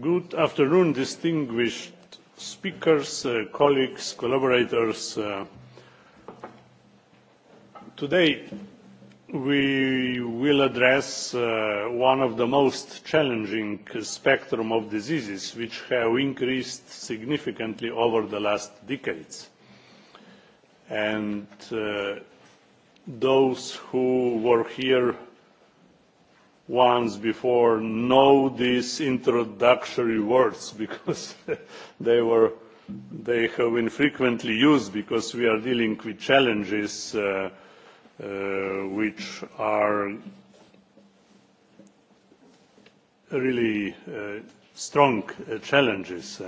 Good afternoon, distinguished speakers, colleagues, collaborators. Today we will address one of the most challenging spectrum of diseases which have increased significantly over the last decades. And those who were here once before know these introductory words because they were they have been frequently used because we are dealing with challenges which are really strong challenges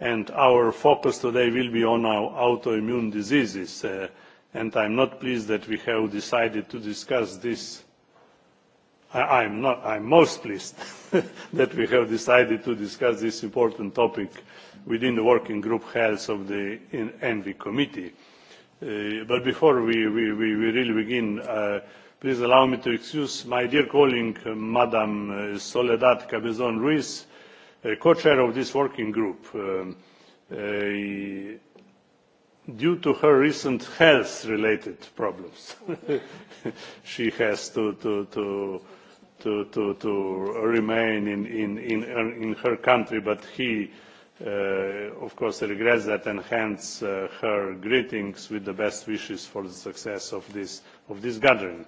and our focus today will be on our autoimmune diseases and i'm not pleased that we have decided to discuss this I'm not. most pleased that we have decided to discuss this important topic within the working group health of the ENVI committee. But before we really begin, please allow me to excuse my dear colleague, Madam Soledad Cabezon Ruiz, co-chair of this working group. Due to her recent health-related problems, she has to to to to remain in in in in her country but he of course regrets that and hence her greetings with the best wishes for the success of this of this gathering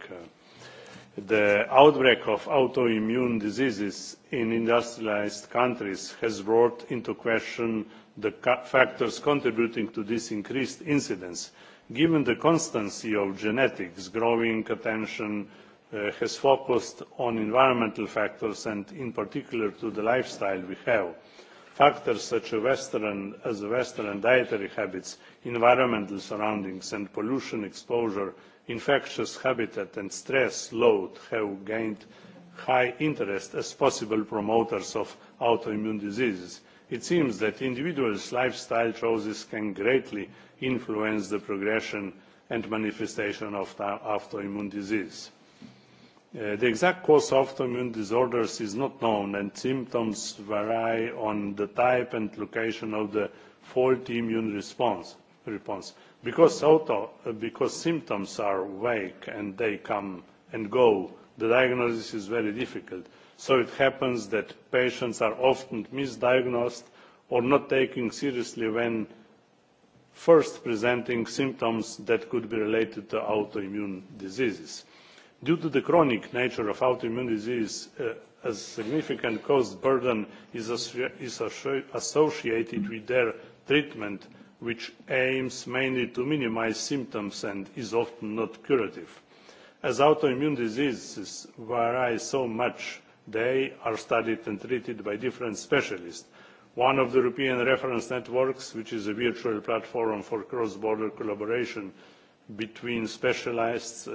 the outbreak of autoimmune diseases in industrialized countries has brought into question the factors contributing to this increased incidence given the constancy of genetics growing attention has focused on environmental factors and in particular to the lifestyle we have. Factors such as Western dietary habits, environmental surroundings and pollution exposure, infectious habitat and stress load have gained high interest as possible promoters of autoimmune diseases. It seems that individuals' lifestyle choices can greatly influence the progression and manifestation of autoimmune disease. The exact cause of autoimmune disorders is not known, and symptoms vary on the type and location of the faulty immune response. Because symptoms are vague and they come and go, the diagnosis is very difficult. So it happens that patients are often misdiagnosed or not taken seriously when first presenting symptoms that could be related to autoimmune diseases. Due to the chronic nature of autoimmune disease, a significant cost burden is associated with their treatment, which aims mainly to minimize symptoms and is often not curative. As autoimmune diseases vary so much, they are studied and treated by different specialists. One of the European reference networks, which is a virtual platform for cross-border collaboration between specialists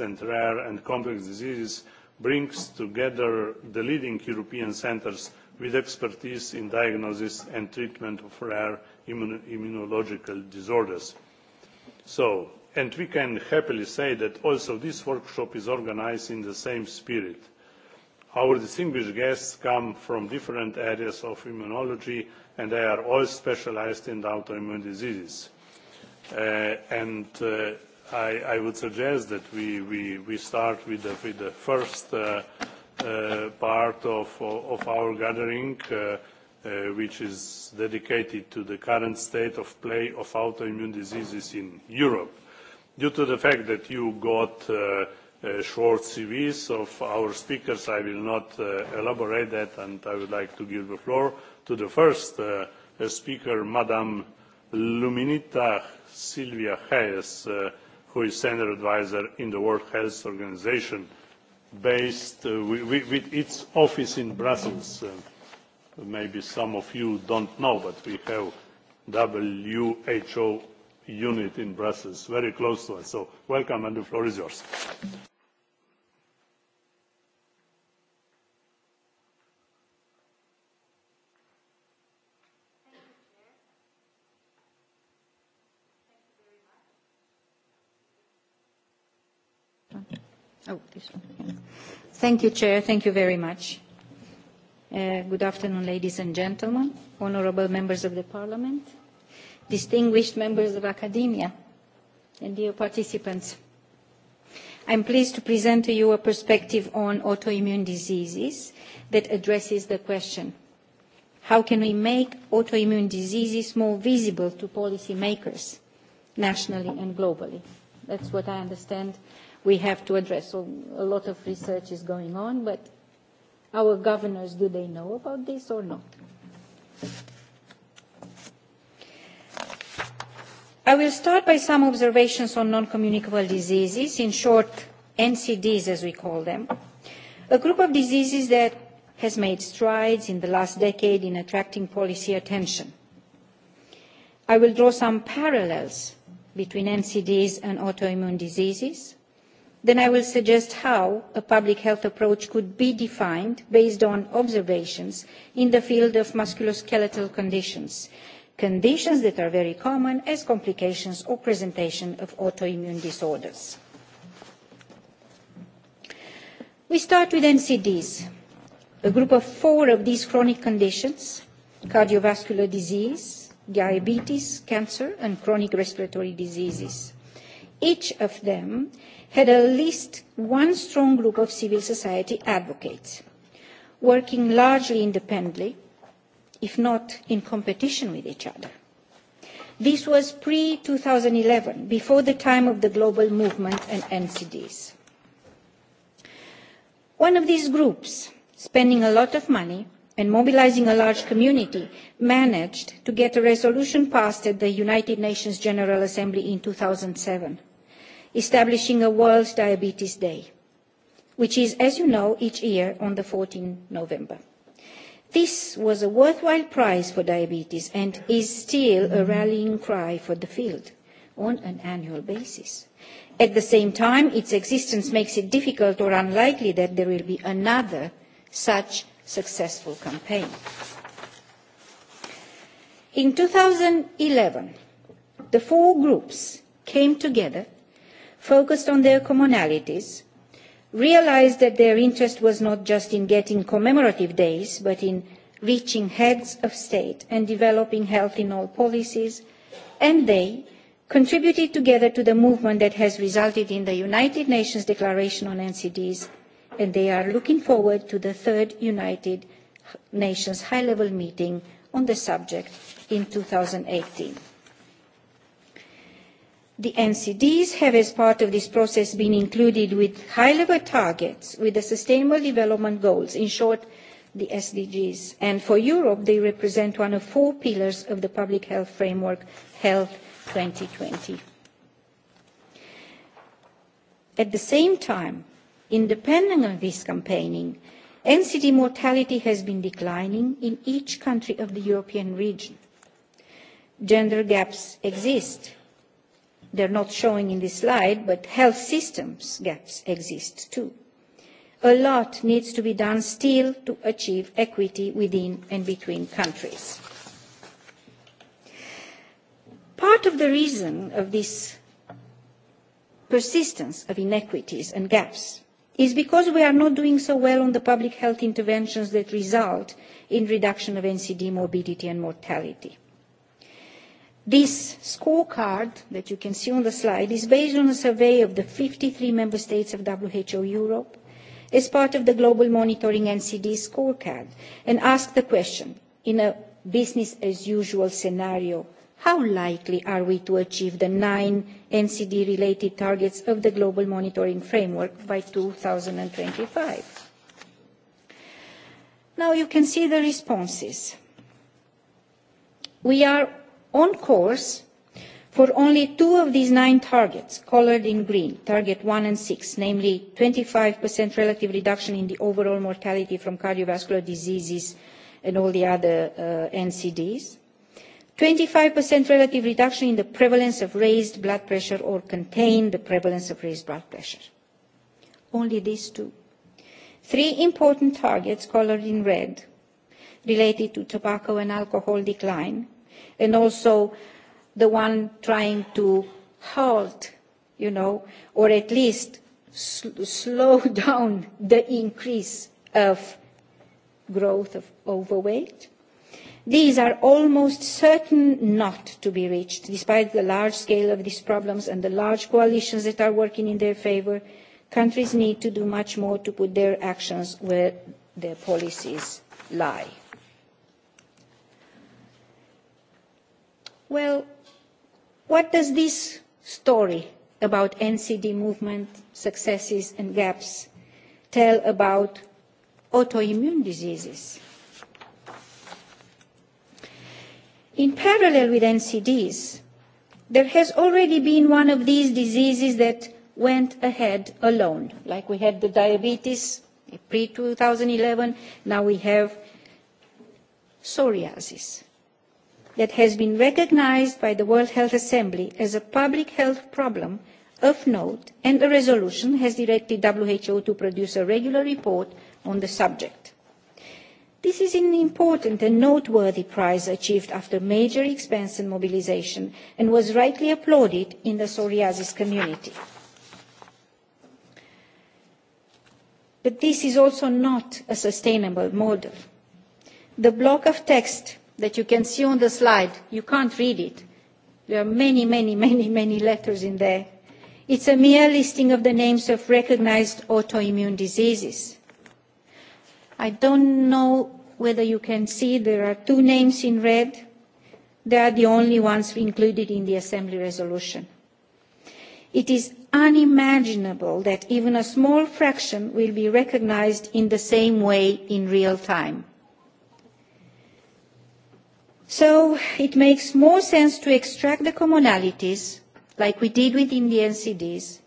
and rare and complex diseases brings together the leading European centres with expertise in diagnosis and treatment of rare immunological disorders. So, and we can happily say that also this workshop is organised in the same spirit. Our distinguished guests come from different areas of immunology and they are all specialised in autoimmune diseases and I would suggest that we start with the first part of our gathering, which is dedicated to the current state of play of autoimmune diseases in Europe. Due to the fact that you got short CVs of our speakers, I will not elaborate that, and I would like to give the floor to the first speaker, Madam Luminita Silvia Hayes, who is senior advisor in the World Health Organization, based with its office in Brussels. Maybe some of you don't know, but we have WHO unit in Brussels, very close to us. So welcome, and the floor is yours. Thank you, Chair. Thank you very much. Good afternoon, ladies and gentlemen, honorable members of the Parliament, distinguished members of academia, and dear participants. I'm pleased to present to you a perspective on autoimmune diseases that addresses the question, how can we make autoimmune diseases more visible to policymakers, nationally and globally? That's what I understand we have to address. a lot of research is going on, but our governors, do they know about this or not? I will start by some observations on non-communicable diseases, in short, NCDs as we call them, a group of diseases that has made strides in the last decade in attracting policy attention. I will draw some parallels between NCDs and autoimmune diseases then I will suggest how a public health approach could be defined based on observations in the field of musculoskeletal conditions, conditions that are very common as complications or presentation of autoimmune disorders. We start with NCDs, a group of four of these chronic conditions, cardiovascular disease, diabetes, cancer, and chronic respiratory diseases. Each of them had at least one strong group of civil society advocates, working largely independently, if not in competition with each other. This was pre-2011, before the time of the global movement and NCDs. One of these groups, spending a lot of money and mobilizing a large community, managed to get a resolution passed at the United Nations General Assembly in 2007 establishing a World Diabetes Day, which is, as you know, each year on the 14th November. This was a worthwhile prize for diabetes and is still a rallying cry for the field on an annual basis. At the same time, its existence makes it difficult or unlikely that there will be another such successful campaign. In 2011, the four groups came together focused on their commonalities, realised that their interest was not just in getting commemorative days, but in reaching heads of state and developing health in all policies, and they contributed together to the movement that has resulted in the United Nations Declaration on NCDs, and they are looking forward to the third United Nations high-level meeting on the subject in 2018. The NCDs have, as part of this process, been included with high-level targets, with the Sustainable Development Goals, in short, the SDGs. And for Europe, they represent one of four pillars of the public health framework, Health 2020. At the same time, independent of this campaigning, NCD mortality has been declining in each country of the European region. Gender gaps exist They're not showing in this slide, but health systems gaps exist too. A lot needs to be done still to achieve equity within and between countries. Part of the reason of this persistence of inequities and gaps is because we are not doing so well on the public health interventions that result in reduction of NCD morbidity and mortality. This scorecard that you can see on the slide is based on a survey of the 53 member states of WHO Europe as part of the Global Monitoring NCD scorecard and ask the question, in a business-as-usual scenario, how likely are we to achieve the nine NCD-related targets of the Global Monitoring Framework by 2025? Now you can see the responses. We are on course for only two of these nine targets, coloured in green, target one and six, namely 25% relative reduction in the overall mortality from cardiovascular diseases and all the other NCDs, 25% relative reduction in the prevalence of raised blood pressure or contain the prevalence of raised blood pressure. Only these two. Three important targets, coloured in red, related to tobacco and alcohol decline, and also the one trying to halt, you know, or at least slow down the increase of growth of overweight. These are almost certain not to be reached, despite the large scale of these problems and the large coalitions that are working in their favour. Countries need to do much more to put their actions where their policies lie. Well, what does this story about NCD movement successes and gaps tell about autoimmune diseases? In parallel with NCDs, there has already been one of these diseases that went ahead alone, like we had the diabetes pre-2011, now we have psoriasis that has been recognised by the World Health Assembly as a public health problem of note, and a resolution has directed WHO to produce a regular report on the subject. This is an important and noteworthy prize achieved after major expense and mobilisation, and was rightly applauded in the psoriasis community. But this is also not a sustainable model. The block of text that you can see on the slide. You can't read it. There are many, many, many, many letters in there. It's a mere listing of the names of recognized autoimmune diseases. I don't know whether you can see there are two names in red. They are the only ones included in the Assembly resolution. It is unimaginable that even a small fraction will be recognized in the same way in real time. So it makes more sense to extract the commonalities, like we did within the NCDs,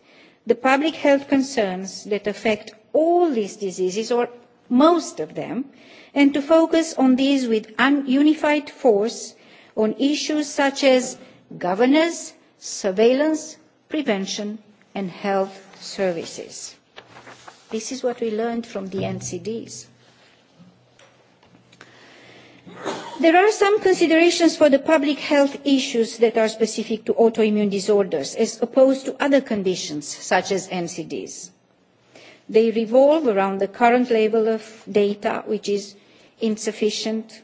the public health concerns that affect all these diseases, or most of them, and to focus on these with unified force on issues such as governance, surveillance, prevention and health services. This is what we learned from the NCDs. There are some considerations for the public health issues that are specific to autoimmune disorders as opposed to other conditions such as NCDs. They revolve around the current level of data which is insufficient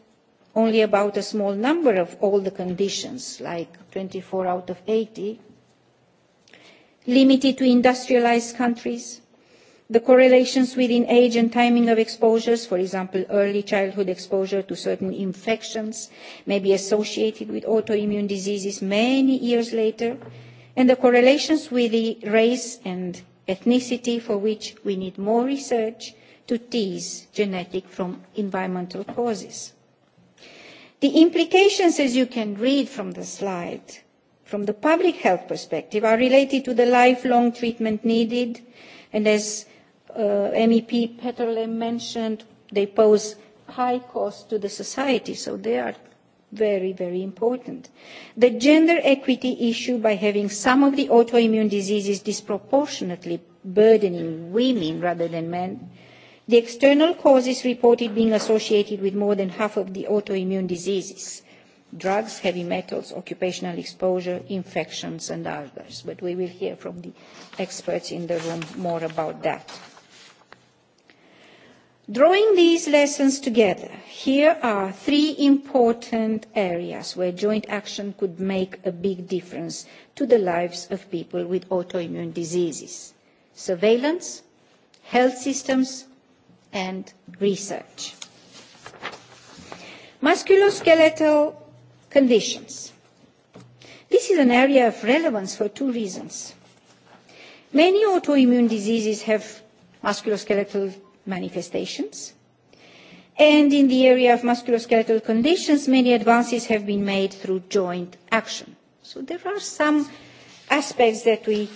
only about a small number of all the conditions like 24 out of 80 limited to industrialized countries the correlations within age and timing of exposures, for example, early childhood exposure to certain infections may be associated with autoimmune diseases many years later, and the correlations with the race and ethnicity for which we need more research to tease genetic from environmental causes. The implications, as you can read from the slide, from the public health perspective, are related to the lifelong treatment needed, and as MEP Peterle mentioned, they pose high cost to the society, so they are very, very important. The gender equity issue by having some of the autoimmune diseases disproportionately burdening women rather than men, the external causes reported being associated with more than half of the autoimmune diseases, drugs, heavy metals, occupational exposure, infections and others. But we will hear from the experts in the room more about that. Drawing these lessons together, here are three important areas where joint action could make a big difference to the lives of people with autoimmune diseases. Surveillance, health systems, and research. Musculoskeletal conditions. This is an area of relevance for two reasons. Many autoimmune diseases have musculoskeletal manifestations. And in the area of musculoskeletal conditions, many advances have been made through joint action. So there are some aspects that we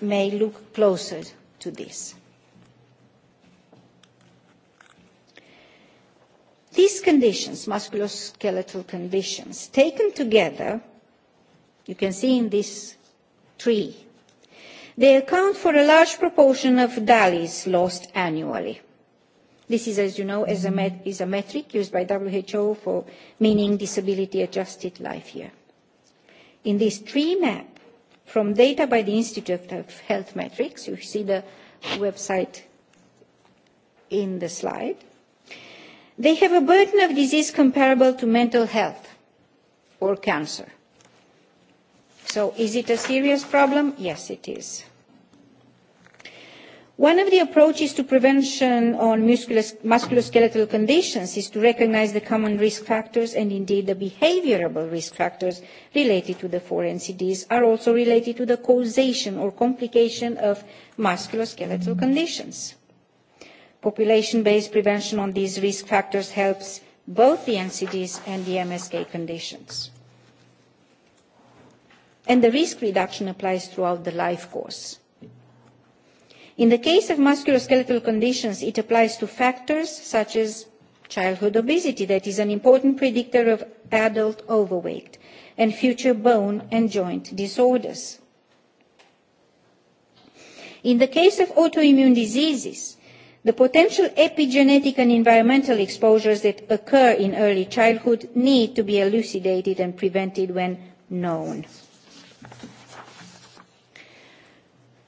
may look closer to this. These conditions, musculoskeletal conditions, taken together, you can see in this tree They account for a large proportion of DALIs lost annually. This is, as you know, is a metric used by WHO for meaning disability-adjusted life year. In this tree map, from data by the Institute of Health Metrics, you see the website in the slide, they have a burden of disease comparable to mental health or cancer. So is it a serious problem? Yes, it is. One of the approaches to prevention on musculoskeletal conditions is to recognize the common risk factors and indeed the behavioral risk factors related to the four NCDs are also related to the causation or complication of musculoskeletal conditions. Population-based prevention on these risk factors helps both the NCDs and the MSK conditions and the risk reduction applies throughout the life course. In the case of musculoskeletal conditions, it applies to factors such as childhood obesity, that is an important predictor of adult overweight, and future bone and joint disorders. In the case of autoimmune diseases, the potential epigenetic and environmental exposures that occur in early childhood need to be elucidated and prevented when known.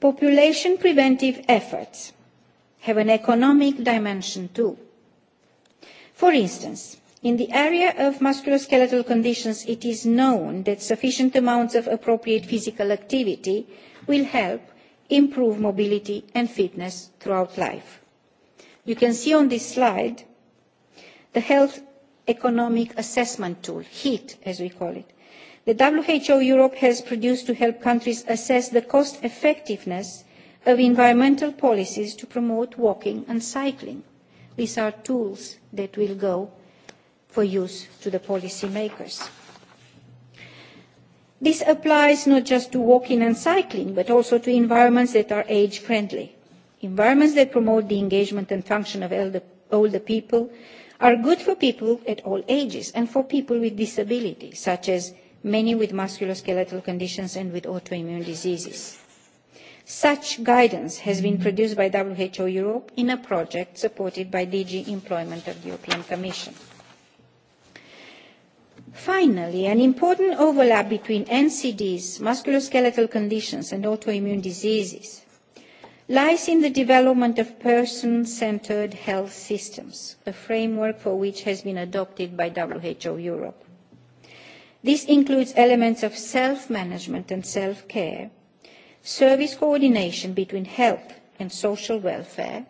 population preventive efforts have an economic dimension too. For instance, in the area of musculoskeletal conditions, it is known that sufficient amounts of appropriate physical activity will help improve mobility and fitness throughout life. You can see on this slide the health economic assessment tool, HEAT as we call it, The WHO Europe has produced to help countries assess the cost effectiveness of environmental policies to promote walking and cycling. These are tools that will go for use to the policymakers. This applies not just to walking and cycling, but also to environments that are age-friendly. Environments that promote the engagement and function of older people are good for people at all ages and for people with disabilities, such as many with musculoskeletal conditions and with autoimmune diseases. Such guidance has been produced by WHO Europe in a project supported by DG Employment of the European Commission. Finally, an important overlap between NCDs, musculoskeletal conditions and autoimmune diseases lies in the development of person-centered health systems, a framework for which has been adopted by WHO Europe. This includes elements of self-management and self-care, service coordination between health and social welfare,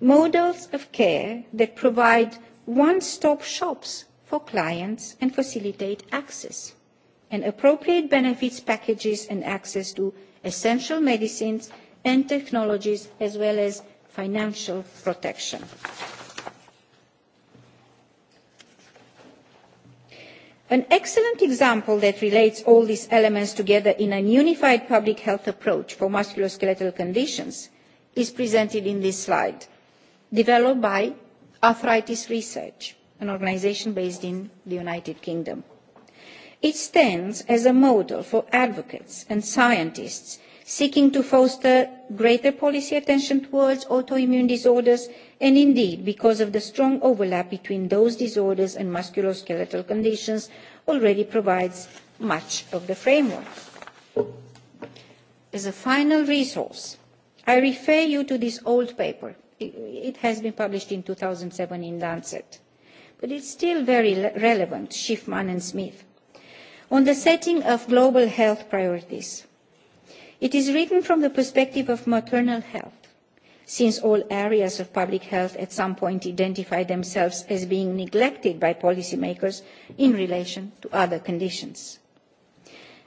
models of care that provide one-stop shops for clients and facilitate access, and appropriate benefits packages and access to essential medicines and technologies as well as financial protection. An excellent example that relates all these elements together in a unified public health approach for musculoskeletal conditions is presented in this slide, developed by Arthritis Research, an organisation based in the United Kingdom. It stands as a model for advocates and scientists seeking to foster greater policy attention towards autoimmune disorders and indeed because of the strong overlap between those disorders and musculoskeletal conditions already provides much of the framework. As a final resource, I refer you to this old paper. It has been published in 2007 in Lancet, but it's still very relevant, Schiffman and Smith, on the setting of global health priorities. It is written from the perspective of maternal health. Since all areas of public health at some point identify themselves as being neglected by policymakers in relation to other conditions.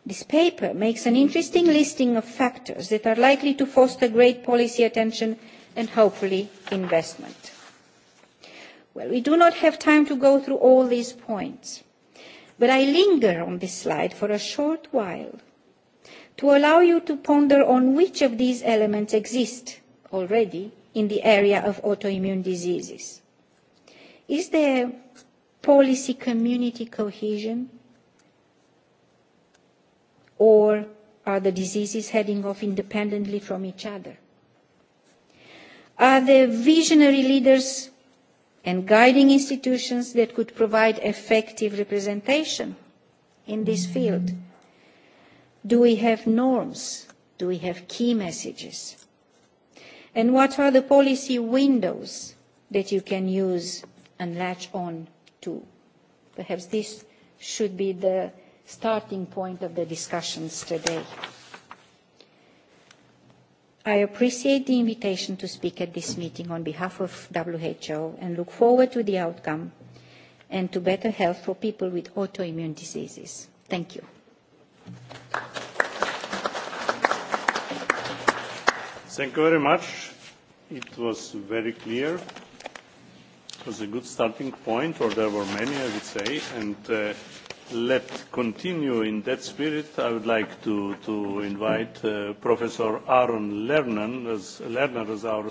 This paper makes an interesting listing of factors that are likely to foster great policy attention and hopefully investment. Well, we do not have time to go through all these points, but I linger on this slide for a short while to allow you to ponder on which of these elements exist already in the area of autoimmune diseases. Is there policy community cohesion or are the diseases heading off independently from each other? Are there visionary leaders and guiding institutions that could provide effective representation in this field? Do we have norms? Do we have key messages? And what are the policy windows that you can use and latch on to? Perhaps this should be the starting point of the discussions today. I appreciate the invitation to speak at this meeting on behalf of WHO and look forward to the outcome and to better health for people with autoimmune diseases. Thank you. Thank you very much. It was very clear. It was a good starting point, or there were many, I would say. And let continue in that spirit. I would like to to invite Professor Aaron Lerner as Lerner as our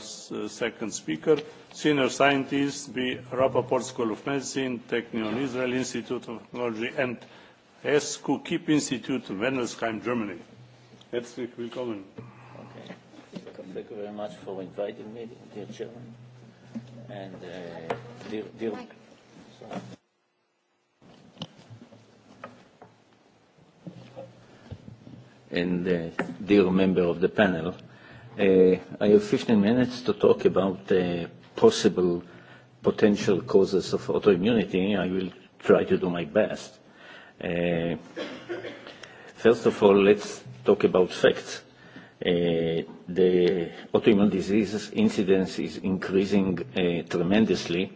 second speaker, senior scientist, the Rappaport School of Medicine, Technion Israel Institute of Technology and des Kukip Institute Wendelsheim, Germany. Herzlich willkommen. Okay. Thank you very much for inviting me, dear Chairman. And uh, dear, dear and uh, dear member of the panel, uh, I have 15 minutes to talk about uh, possible potential causes of autoimmunity. I will try to do my best First of all, let's talk about facts. The autoimmune disease incidence is increasing tremendously,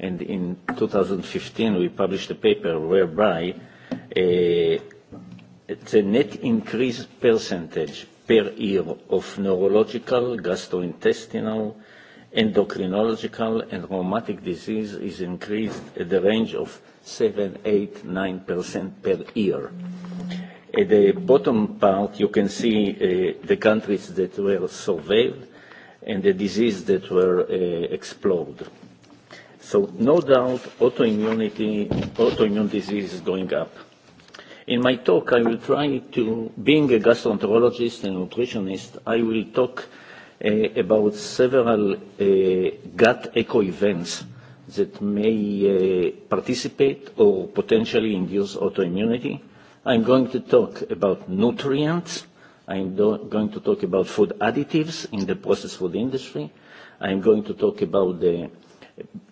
and in 2015 we published a paper whereby the net increase percentage per year of neurological, gastrointestinal, endocrinological and rheumatic disease is increased at the range of 7, 8, 9% per year. At the bottom part, you can see the countries that were surveyed and the disease that were explored. So no doubt, autoimmunity, autoimmune disease is going up. In my talk, I will try to, being a gastroenterologist and nutritionist, I will talk about several gut echo events that may participate or potentially induce autoimmunity. I'm going to talk about nutrients. I'm going to talk about food additives in the processed food industry. I'm going to talk about the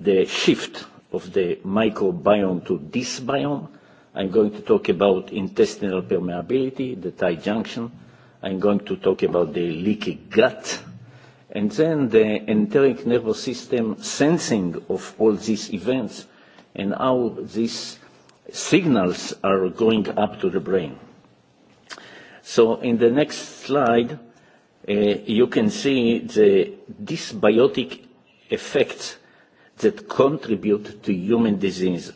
the shift of the microbiome to this biome. I'm going to talk about intestinal permeability, the tight junction. I'm going to talk about the leaky gut And then the enteric nervous system sensing of all these events and how these signals are going up to the brain. So in the next slide, you can see the dysbiotic effects that contribute to human disease.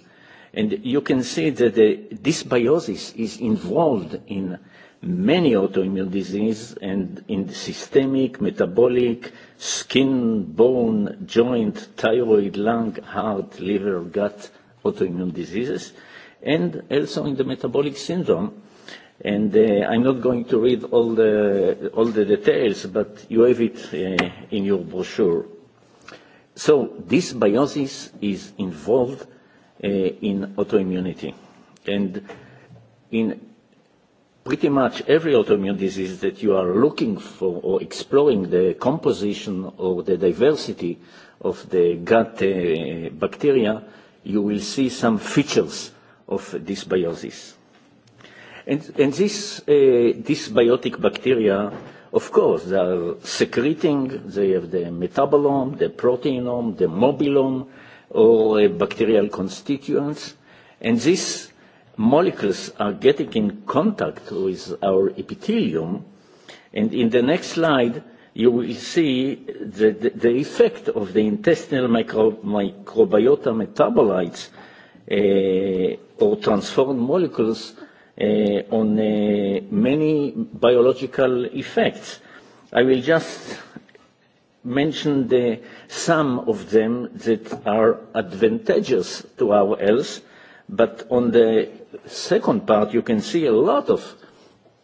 And you can see that the dysbiosis is involved in many autoimmune diseases and in systemic, metabolic, skin, bone, joint, thyroid, lung, heart, liver, gut autoimmune diseases, and also in the metabolic syndrome. And I'm not going to read all the all the details, but you have it in your brochure. So this biosis is involved in autoimmunity, and in pretty much every autoimmune disease that you are looking for or exploring the composition or the diversity of the gut bacteria, you will see some features of dysbiosis. And these dysbiotic bacteria, of course, they are secreting, they have the metabolome, the proteinome, the mobilome, or bacterial constituents, and this molecules are getting in contact with our epithelium. And in the next slide, you will see the effect of the intestinal microbiota metabolites or transformed molecules on many biological effects. I will just mention the some of them that are advantageous to our health But on the second part, you can see a lot of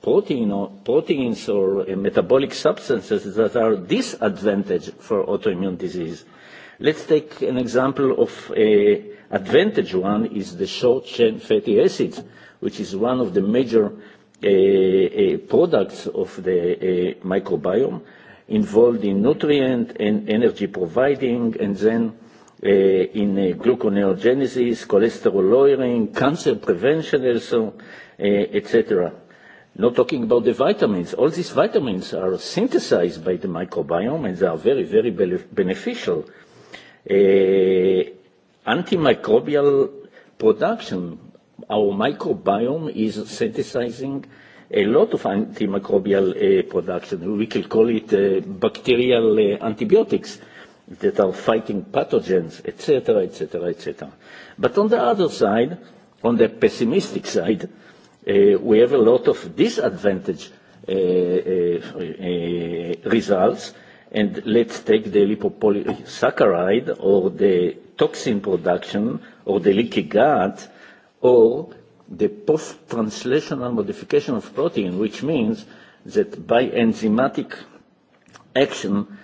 proteins or metabolic substances that are disadvantage for autoimmune disease. Let's take an example of a advantage one is the short-chain fatty acids, which is one of the major products of the microbiome involved in nutrient and energy providing and then in gluconeogenesis, cholesterol lowering, cancer prevention also, etc. Not talking about the vitamins. All these vitamins are synthesized by the microbiome and they are very, very beneficial. Antimicrobial production. Our microbiome is synthesizing a lot of antimicrobial production. We can call it bacterial antibiotics that are fighting pathogens, etc., etc., etc. But on the other side, on the pessimistic side, we have a lot of disadvantage results. And let's take the lipopolysaccharide or the toxin production or the leaky gut or the post-translational modification of protein, which means that by enzymatic action,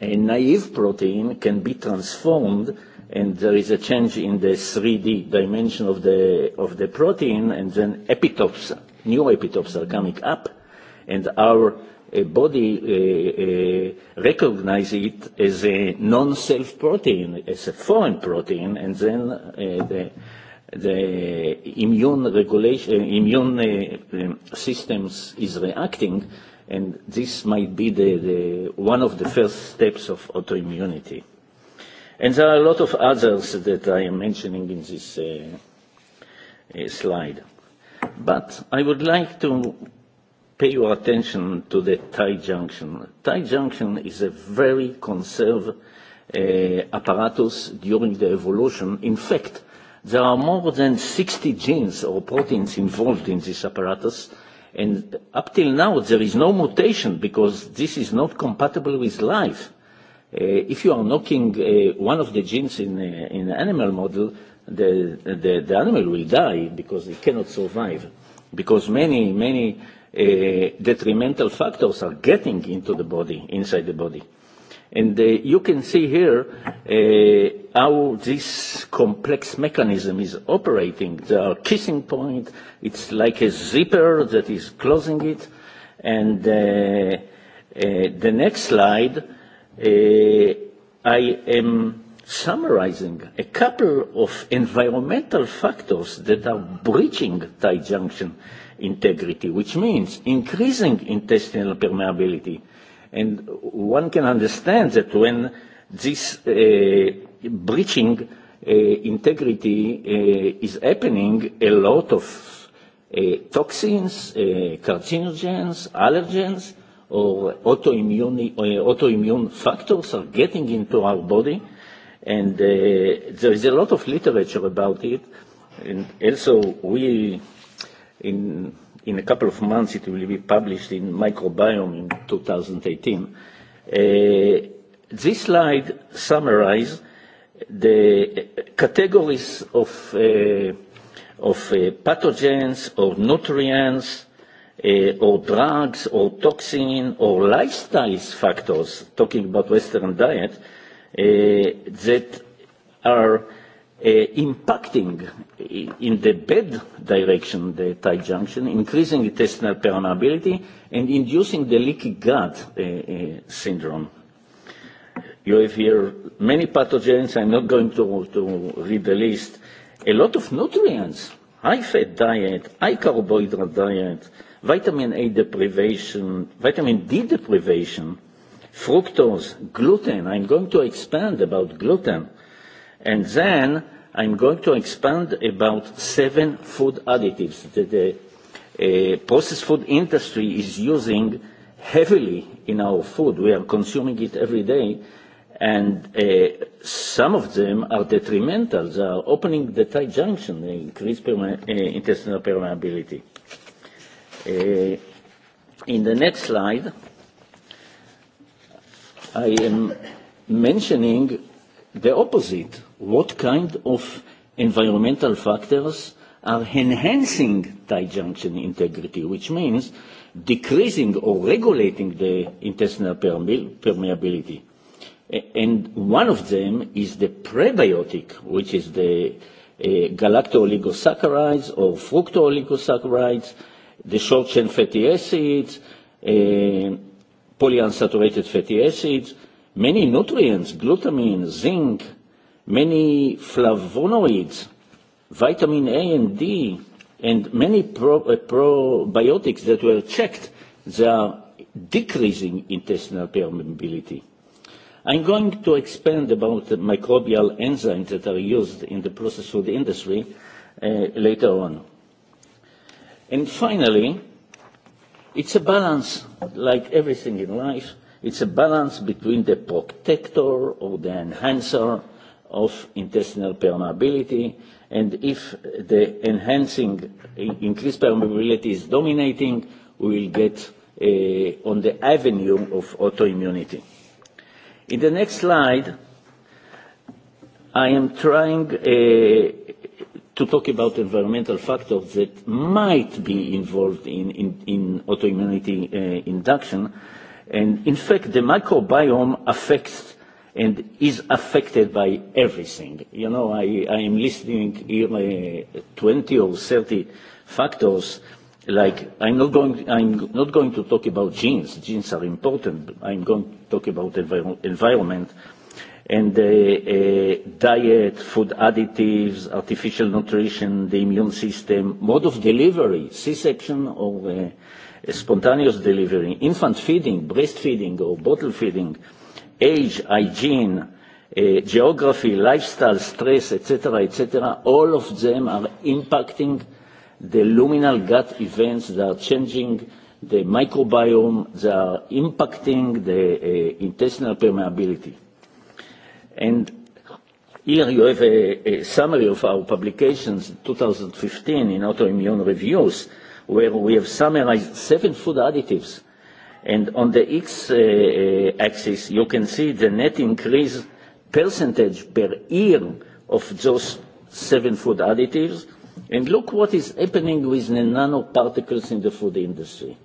a naive protein can be transformed and there is a change in the 3D dimension of the of the protein and then epitopes, new epitopes are coming up and our body recognizes it as a non-self protein, as a foreign protein and then the the immune regulation immune systems is reacting and this might be the one of the first steps of autoimmunity. And there are a lot of others that I am mentioning in this slide. But I would like to pay your attention to the tie junction. Tie junction is a very conserved apparatus during the evolution. In fact, there are more than 60 genes or proteins involved in this apparatus, And up till now there is no mutation because this is not compatible with life. If you are knocking one of the genes in an animal model, the the animal will die because it cannot survive, because many many detrimental factors are getting into the body, inside the body. And you can see here how this complex mechanism is operating. The kissing point, it's like a zipper that is closing it. And the next slide, I am summarizing a couple of environmental factors that are breaching tight junction integrity, which means increasing intestinal permeability And one can understand that when this breaching integrity is happening, a lot of toxins, carcinogens, allergens, or autoimmune, factors are getting into our body. And there is a lot of literature about it. And also we in in a couple of months it will be published in Microbiome in 2018. This slide summarizes the categories of of pathogens or nutrients or drugs or toxin or lifestyle factors, talking about Western diet, that are impacting in the bed direction, the tight junction, increasing intestinal permeability and inducing the leaky gut syndrome. You have here many pathogens. I'm not going to read the list. A lot of nutrients, high-fat diet, high-carbohydrate diet, vitamin A deprivation, vitamin D deprivation, fructose, gluten. I'm going to expand about gluten. And then I'm going to expand about seven food additives that the processed food industry is using heavily in our food. We are consuming it every day, and some of them are detrimental. They are opening the tight junction, they increase intestinal permeability. In the next slide, I am mentioning the opposite. What kind of environmental factors are enhancing tight junction integrity, which means decreasing or regulating the intestinal permeability. And one of them is the prebiotic, which is the galacto-oligosaccharides or fructo-oligosaccharides, the short-chain fatty acids, polyunsaturated fatty acids, Many nutrients, glutamine, zinc, many flavonoids, vitamin A and D, and many probiotics that were checked, they are decreasing intestinal permeability. I'm going to expand about the microbial enzymes that are used in the processed food industry later on. And finally, it's a balance, like everything in life It's a balance between the protector or the enhancer of intestinal permeability, and if the enhancing increased permeability is dominating, we will get on the avenue of autoimmunity. In the next slide, I am trying to talk about environmental factors that might be involved in in autoimmunity induction And in fact, the microbiome affects and is affected by everything. You know, I, I am listening here 20 or 30 factors. Like I'm not going, I'm not going to talk about genes. Genes are important. I'm going to talk about environment and diet, food additives, artificial nutrition, the immune system, mode of delivery, C-section or spontaneous delivery, infant feeding, breastfeeding or bottle feeding, age, hygiene, geography, lifestyle, stress, etc., etc., all of them are impacting the luminal gut events that are changing the microbiome, they are impacting the intestinal permeability. And Here you have a summary of our publications 2015 in autoimmune reviews where we have summarized seven food additives. And on the X axis, you can see the net increase percentage per year of those seven food additives. And look what is happening with the nanoparticles in the food industry.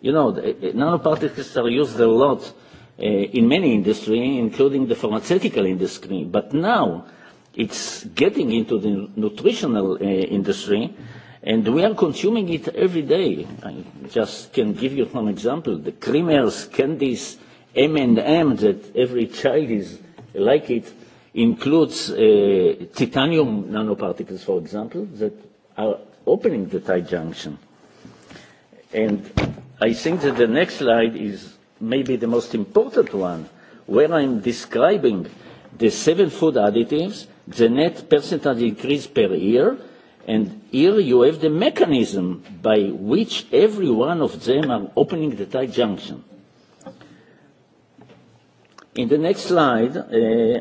You know, nanoparticles are used a lot in many industries, including the pharmaceutical industry. But now it's getting into the nutritional industry And we are consuming it every day. I just can give you some example. The creamers, candies, M that every child is like it includes titanium nanoparticles, for example, that are opening the tight junction. And I think that the next slide is maybe the most important one, where I'm describing the seven food additives, the net percentage increase per year, And here you have the mechanism by which every one of them are opening the tight junction. In the next slide,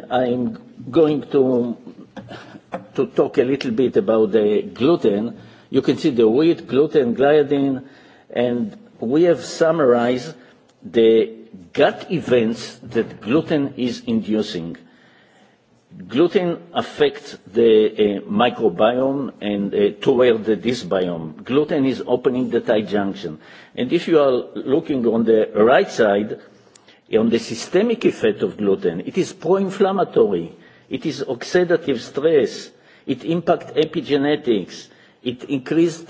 I am going to to talk a little bit about the gluten. You can see the wheat, gluten, gliadin, and we have summarized the gut events that gluten is inducing. Gluten affects the microbiome and toward the dysbiome. Gluten is opening the tight junction. And if you are looking on the right side, on the systemic effect of gluten, it is pro-inflammatory, it is oxidative stress, it impacts epigenetics, it increases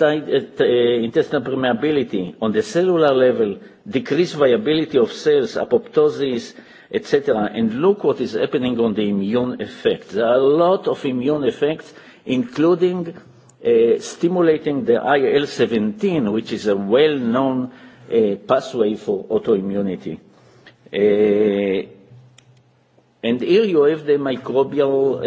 intestinal permeability on the cellular level, decreased viability of cells, apoptosis, etc. And look what is happening on the immune effect. There are a lot of immune effects, including stimulating the IL-17, which is a well-known pathway for autoimmunity. And here you have the microbial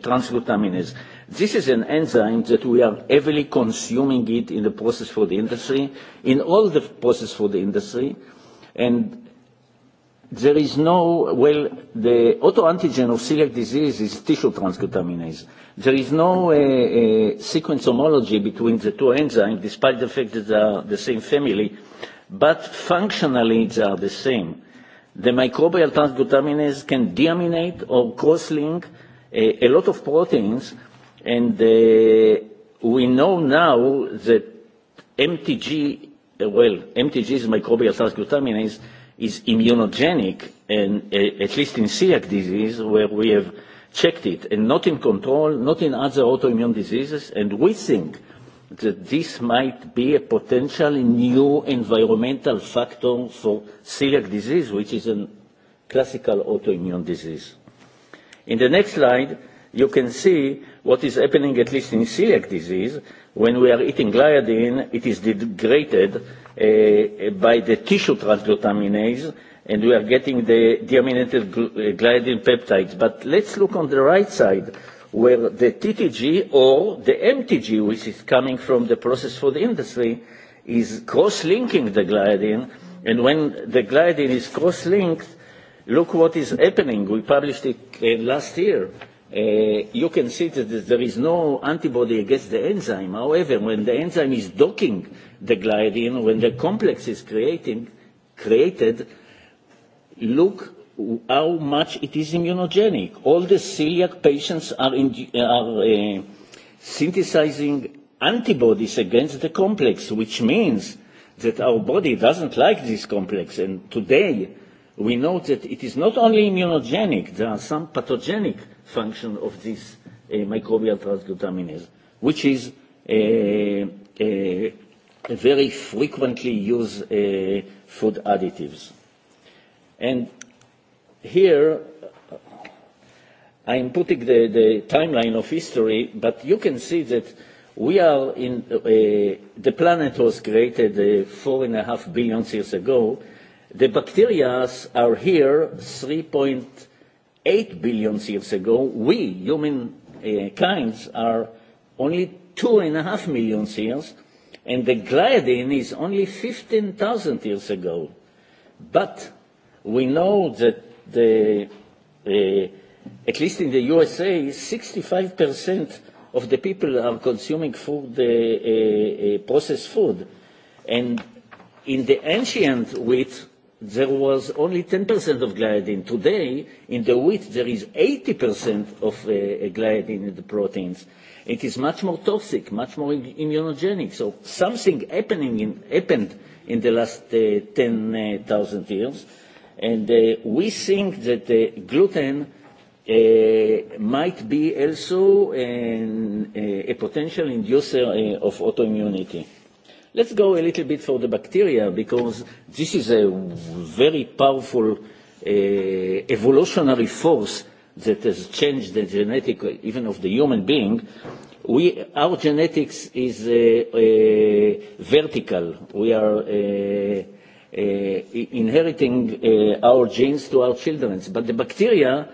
transglutaminase. This is an enzyme that we are heavily consuming it in the process for the industry, in all the process for the industry. And There is no, well, the autoantigen of celiac disease is tissue transglutaminase. There is no sequence homology between the two enzymes, despite the fact that they are the same family, but functionally they are the same. The microbial transglutaminase can deaminate or cross-link a lot of proteins, and we know now that MTG, well, MTG is microbial transglutaminase, is immunogenic, and at least in celiac disease, where we have checked it, and not in control, not in other autoimmune diseases, and we think that this might be a potentially new environmental factor for celiac disease, which is a classical autoimmune disease. In the next slide, you can see what is happening, at least in celiac disease, when we are eating gliadin, it is degraded by the tissue transglutaminase, and we are getting the deaminated gliadin peptides. But let's look on the right side, where the TTG or the MTG, which is coming from the process for the industry, is cross-linking the gliadin, and when the gliadin is cross-linked, look what is happening. We published it last year you can see that there is no antibody against the enzyme. However, when the enzyme is docking the gliadin, when the complex is creating, created, look how much it is immunogenic. All the celiac patients are, are synthesizing antibodies against the complex, which means that our body doesn't like this complex. And today, we know that it is not only immunogenic, there are some pathogenic function of this microbial transglutaminase, which is a very frequently used food additives. And here I am putting the, the timeline of history, but you can see that we are in, the planet was created four and a half billion years ago, The bacteria are here 3.8 billion years ago. We, human kinds, are only two and a half million years, and the gliadin is only 15,000 years ago. But we know that the, at least in the USA, 65% of the people are consuming food, processed food. And in the ancient wheat, there was only 10% of gliadin. Today, in the wheat, there is 80% of gliadin in the proteins. It is much more toxic, much more immunogenic. So something happening in, happened in the last 10,000 years. And we think that gluten might be also a potential inducer of autoimmunity. Let's go a little bit for the bacteria because this is a very powerful evolutionary force that has changed the genetic even of the human being. We our genetics is vertical. We are inheriting our genes to our children. But the bacteria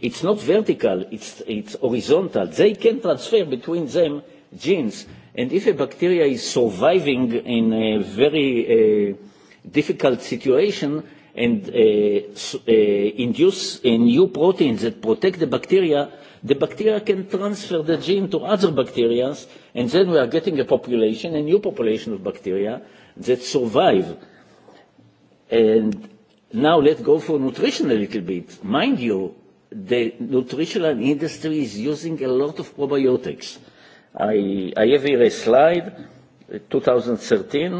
it's not vertical, it's it's horizontal. They can transfer between them genes And if a bacteria is surviving in a very difficult situation and induce a new proteins that protect the bacteria, the bacteria can transfer the gene to other bacteria, and then we are getting a population, a new population of bacteria that survive. And now let's go for nutrition a little bit. Mind you, the nutritional industry is using a lot of probiotics I have here a slide, 2013,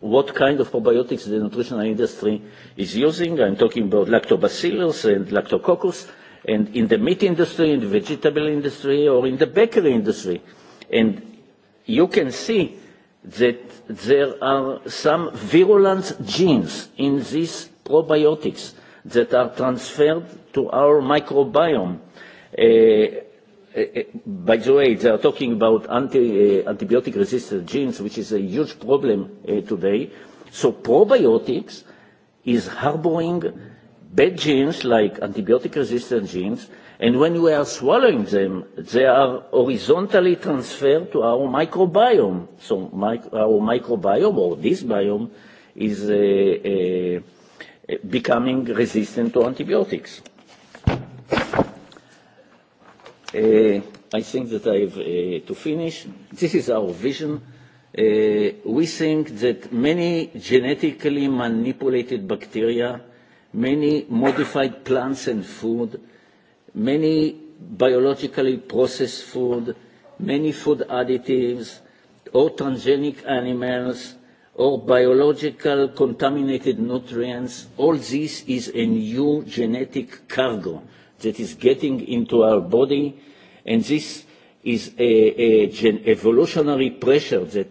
what kind of probiotics the nutritional industry is using. I'm talking about lactobacillus and lactococcus, and in the meat industry, in the vegetable industry, or in the bakery industry. And you can see that there are some virulent genes in these probiotics that are transferred to our microbiome By the way, they are talking about antibiotic-resistant genes, which is a huge problem today. So probiotics is harboring bad genes like antibiotic-resistant genes, and when we are swallowing them, they are horizontally transferred to our microbiome. So our microbiome or this biome is becoming resistant to antibiotics. I think that I have to finish. This is our vision. We think that many genetically manipulated bacteria, many modified plants and food, many biologically processed food, many food additives, or transgenic animals, or biological contaminated nutrients, all this is a new genetic cargo that is getting into our body, and this is an evolutionary pressure that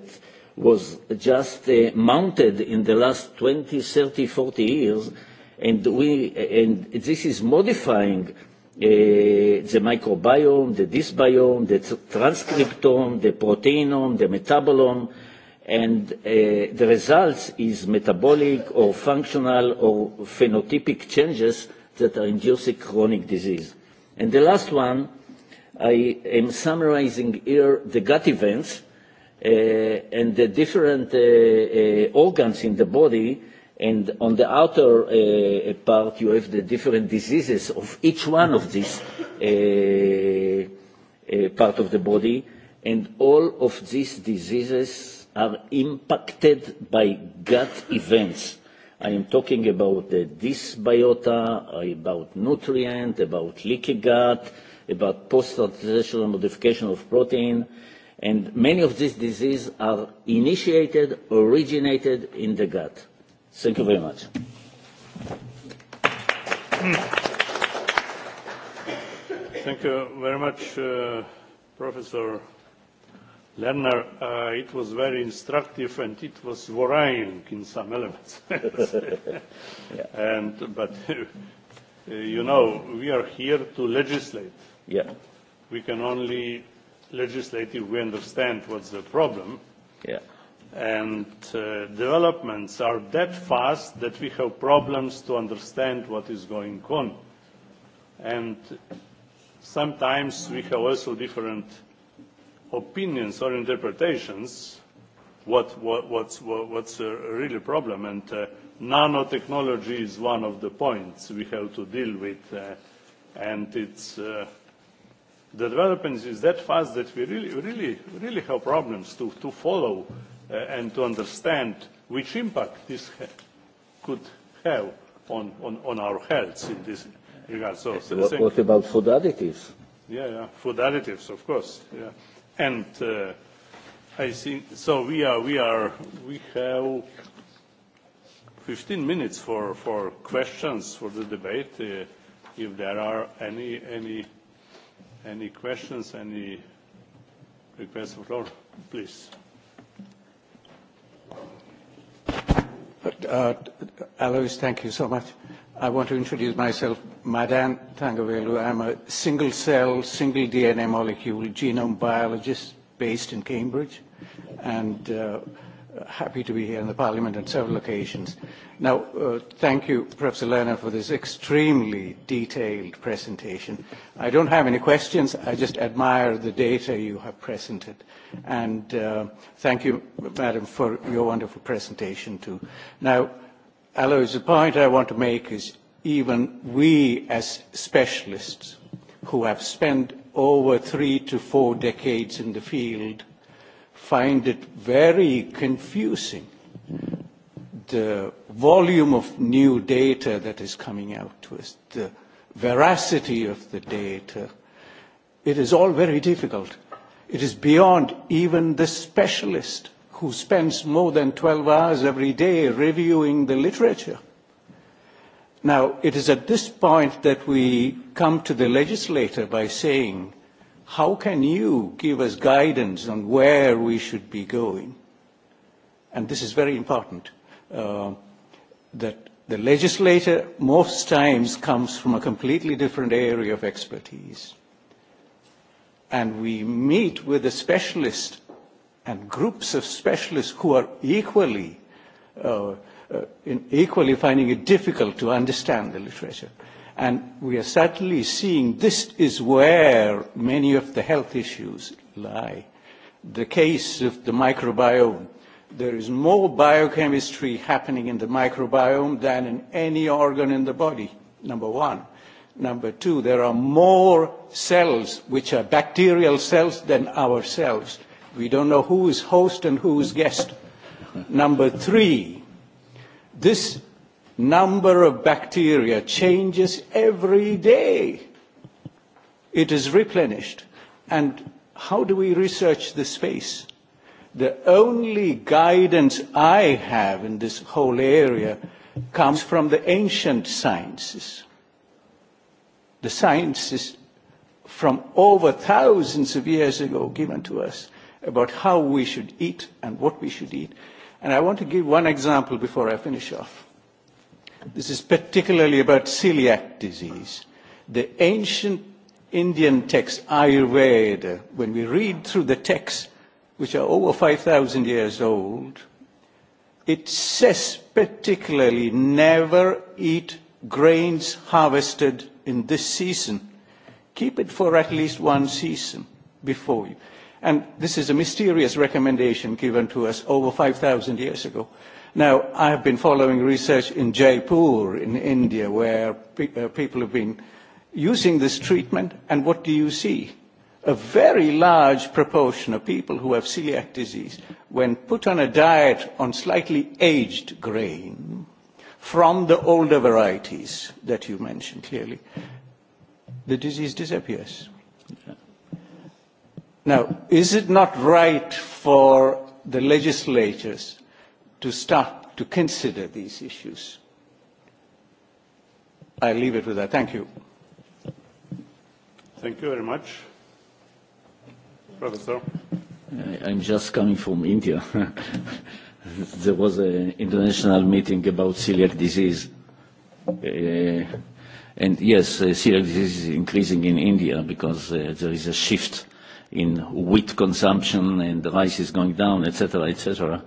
was just mounted in the last 20, 30, 40 years, and we and this is modifying the microbiome, the dysbiome, the transcriptome, the proteinome, the metabolome, and the results is metabolic or functional or phenotypic changes that are inducing chronic disease. And the last one, I am summarizing here the gut events and the different organs in the body. And on the outer part, you have the different diseases of each one of these part of the body. And all of these diseases are impacted by gut events. I am talking about the dysbiota, about nutrient, about leaky gut, about post-translational modification of protein, and many of these diseases are initiated, originated in the gut. Thank you very much. Thank you very much, Professor Lerner, it was very instructive and it was worrying in some elements. And but you know we are here to legislate. Yeah. We can only legislate if we understand what's the problem. Yeah. And developments are that fast that we have problems to understand what is going on. And sometimes we have also different opinions or interpretations what what's what's a really problem and nanotechnology is one of the points we have to deal with and it's the development is that fast that we really really really have problems to to follow and to understand which impact this could have on on on our health in this regard so what about food additives yeah yeah food additives of course yeah And I think so. We are we are we have 15 minutes for for questions for the debate. If there are any any any questions, any requests for floor, please. Alois, thank you so much. I want to introduce myself, Madan I I'm a single-cell, single-DNA molecule genome biologist based in Cambridge, and happy to be here in the Parliament on several occasions. Now, thank you, Professor Lerner, for this extremely detailed presentation. I don't have any questions. I just admire the data you have presented, and thank you, Madam, for your wonderful presentation too. Now. Alois, the point I want to make is even we as specialists who have spent over three to four decades in the field find it very confusing the volume of new data that is coming out to us, the veracity of the data. It is all very difficult. It is beyond even the specialist who spends more than 12 hours every day reviewing the literature. Now, it is at this point that we come to the legislator by saying, how can you give us guidance on where we should be going? And this is very important, that the legislator most times comes from a completely different area of expertise. And we meet with a specialist and groups of specialists who are equally equally finding it difficult to understand the literature. And we are certainly seeing this is where many of the health issues lie. The case of the microbiome. There is more biochemistry happening in the microbiome than in any organ in the body, number one. Number two, there are more cells which are bacterial cells than our cells We don't know who is host and who is guest. Number three, this number of bacteria changes every day. It is replenished. And how do we research the space? The only guidance I have in this whole area comes from the ancient sciences. The sciences from over thousands of years ago given to us about how we should eat and what we should eat. And I want to give one example before I finish off. This is particularly about celiac disease. The ancient Indian text, Ayurveda, when we read through the texts, which are over 5,000 years old, it says particularly never eat grains harvested in this season. Keep it for at least one season before you. And this is a mysterious recommendation given to us over 5,000 years ago. Now, I have been following research in Jaipur in India where people have been using this treatment, and what do you see? A very large proportion of people who have celiac disease, when put on a diet on slightly aged grain from the older varieties that you mentioned clearly, the disease disappears. Now, is it not right for the legislatures to start to consider these issues? I leave it with that. Thank you. Thank you very much. Professor. I'm just coming from India. There was an international meeting about celiac disease. And yes, celiac disease is increasing in India because there is a shift in wheat consumption and the rice is going down, etc., etc.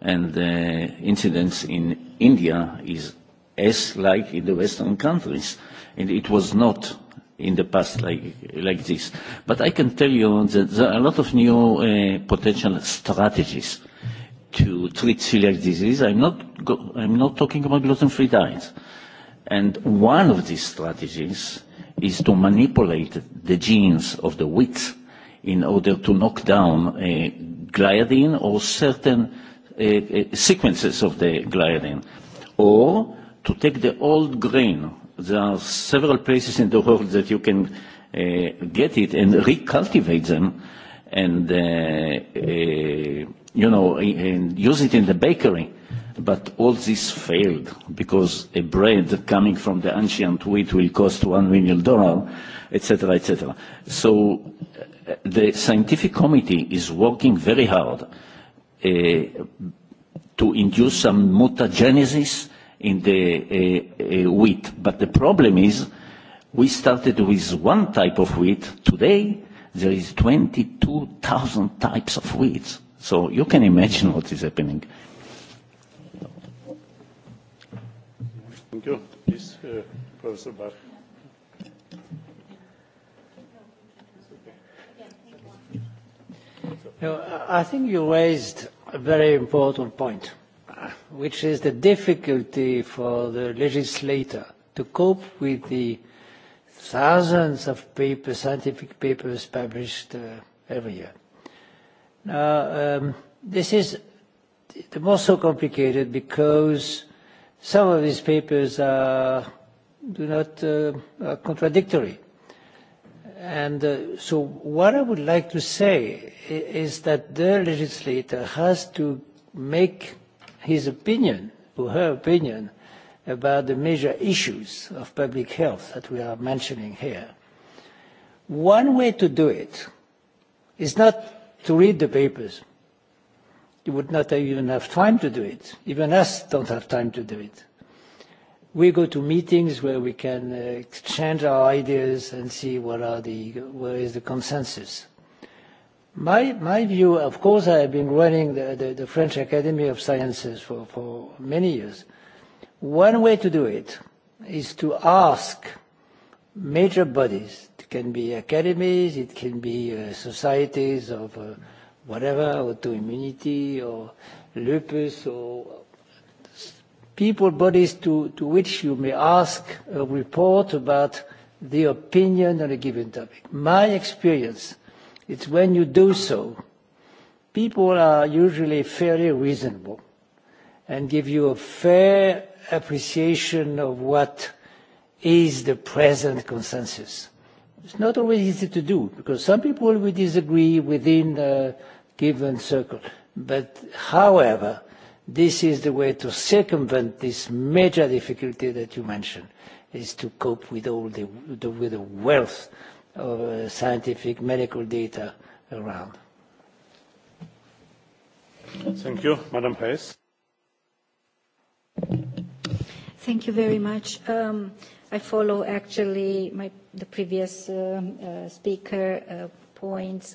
And the incidence in India is as like in the Western countries. And it was not in the past like, this. But I can tell you that there are a lot of new potential strategies to treat celiac disease. I'm not, I'm not talking about gluten-free diets. And one of these strategies is to manipulate the genes of the wheat in order to knock down a gliadin or certain sequences of the gliadin, or to take the old grain. There are several places in the world that you can get it and recultivate them and you know and use it in the bakery. But all this failed because a bread coming from the ancient wheat will cost one million dollars, etc., etc. So The scientific committee is working very hard to induce some mutagenesis in the wheat. But the problem is we started with one type of wheat. Today there is 22,000 types of wheat. So you can imagine what is happening. Thank you. Professor I think you raised a very important point, which is the difficulty for the legislator to cope with the thousands of papers, scientific papers published every year. Now, this is the more so complicated because some of these papers are do not are contradictory. And so what I would like to say is that the legislator has to make his opinion or her opinion about the major issues of public health that we are mentioning here. One way to do it is not to read the papers. You would not even have time to do it. Even us don't have time to do it. We go to meetings where we can exchange our ideas and see what are the where is the consensus. My my view, of course, I have been running the the French Academy of Sciences for for many years. One way to do it is to ask major bodies. It can be academies, it can be societies of whatever, autoimmunity or lupus or people bodies to which you may ask a report about the opinion on a given topic. My experience is when you do so, people are usually fairly reasonable and give you a fair appreciation of what is the present consensus. It's not always easy to do because some people will disagree within a given circle. But however, This is the way to circumvent this major difficulty that you mentioned, is to cope with all the with the wealth of scientific medical data around. Thank you, Madam Hayes. Thank you very much. I follow actually my the previous speaker points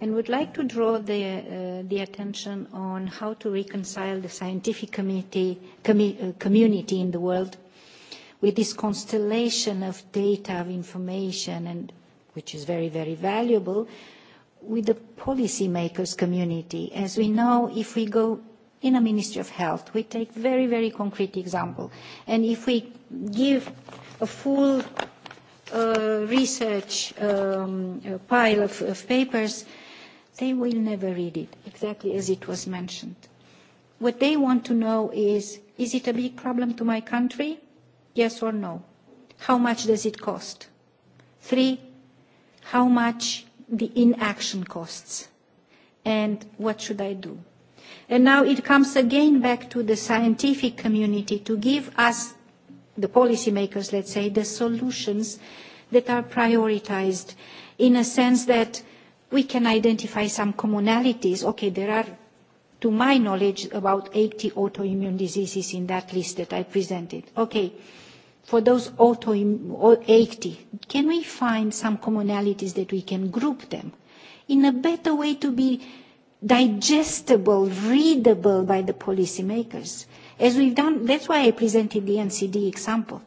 and would like to draw the attention on how to reconcile the scientific community in the world with this constellation of data, of information, and which is very, very valuable, with the policymakers community. As we know, if we go in a Ministry of Health, we take very, very concrete example. And if we give a full research pile of papers, they will never read it, exactly as it was mentioned. What they want to know is, is it a big problem to my country? Yes or no? How much does it cost? Three, how much the inaction costs? And what should I do? And now it comes again back to the scientific community to give us the policymakers, let's say, the solutions that are prioritized in a sense that we can identify some commonalities. Okay, there are, to my knowledge, about 80 autoimmune diseases in that list that I presented. Okay, for those 80, can we find some commonalities that we can group them in a better way to be digestible, readable by the policymakers? As we've done, that's why I presented the NCD example.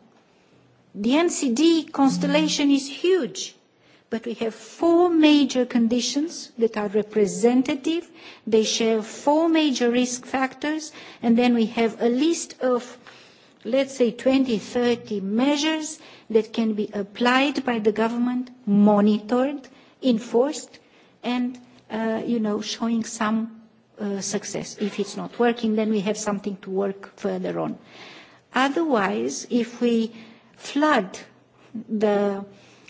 The NCD constellation is huge, but we have four major conditions that are representative. They share four major risk factors, and then we have a list of, let's say, 20, 30 measures that can be applied by the government, monitored, enforced, and, you know, showing some success. If it's not working, then we have something to work further on. Otherwise, if we flood the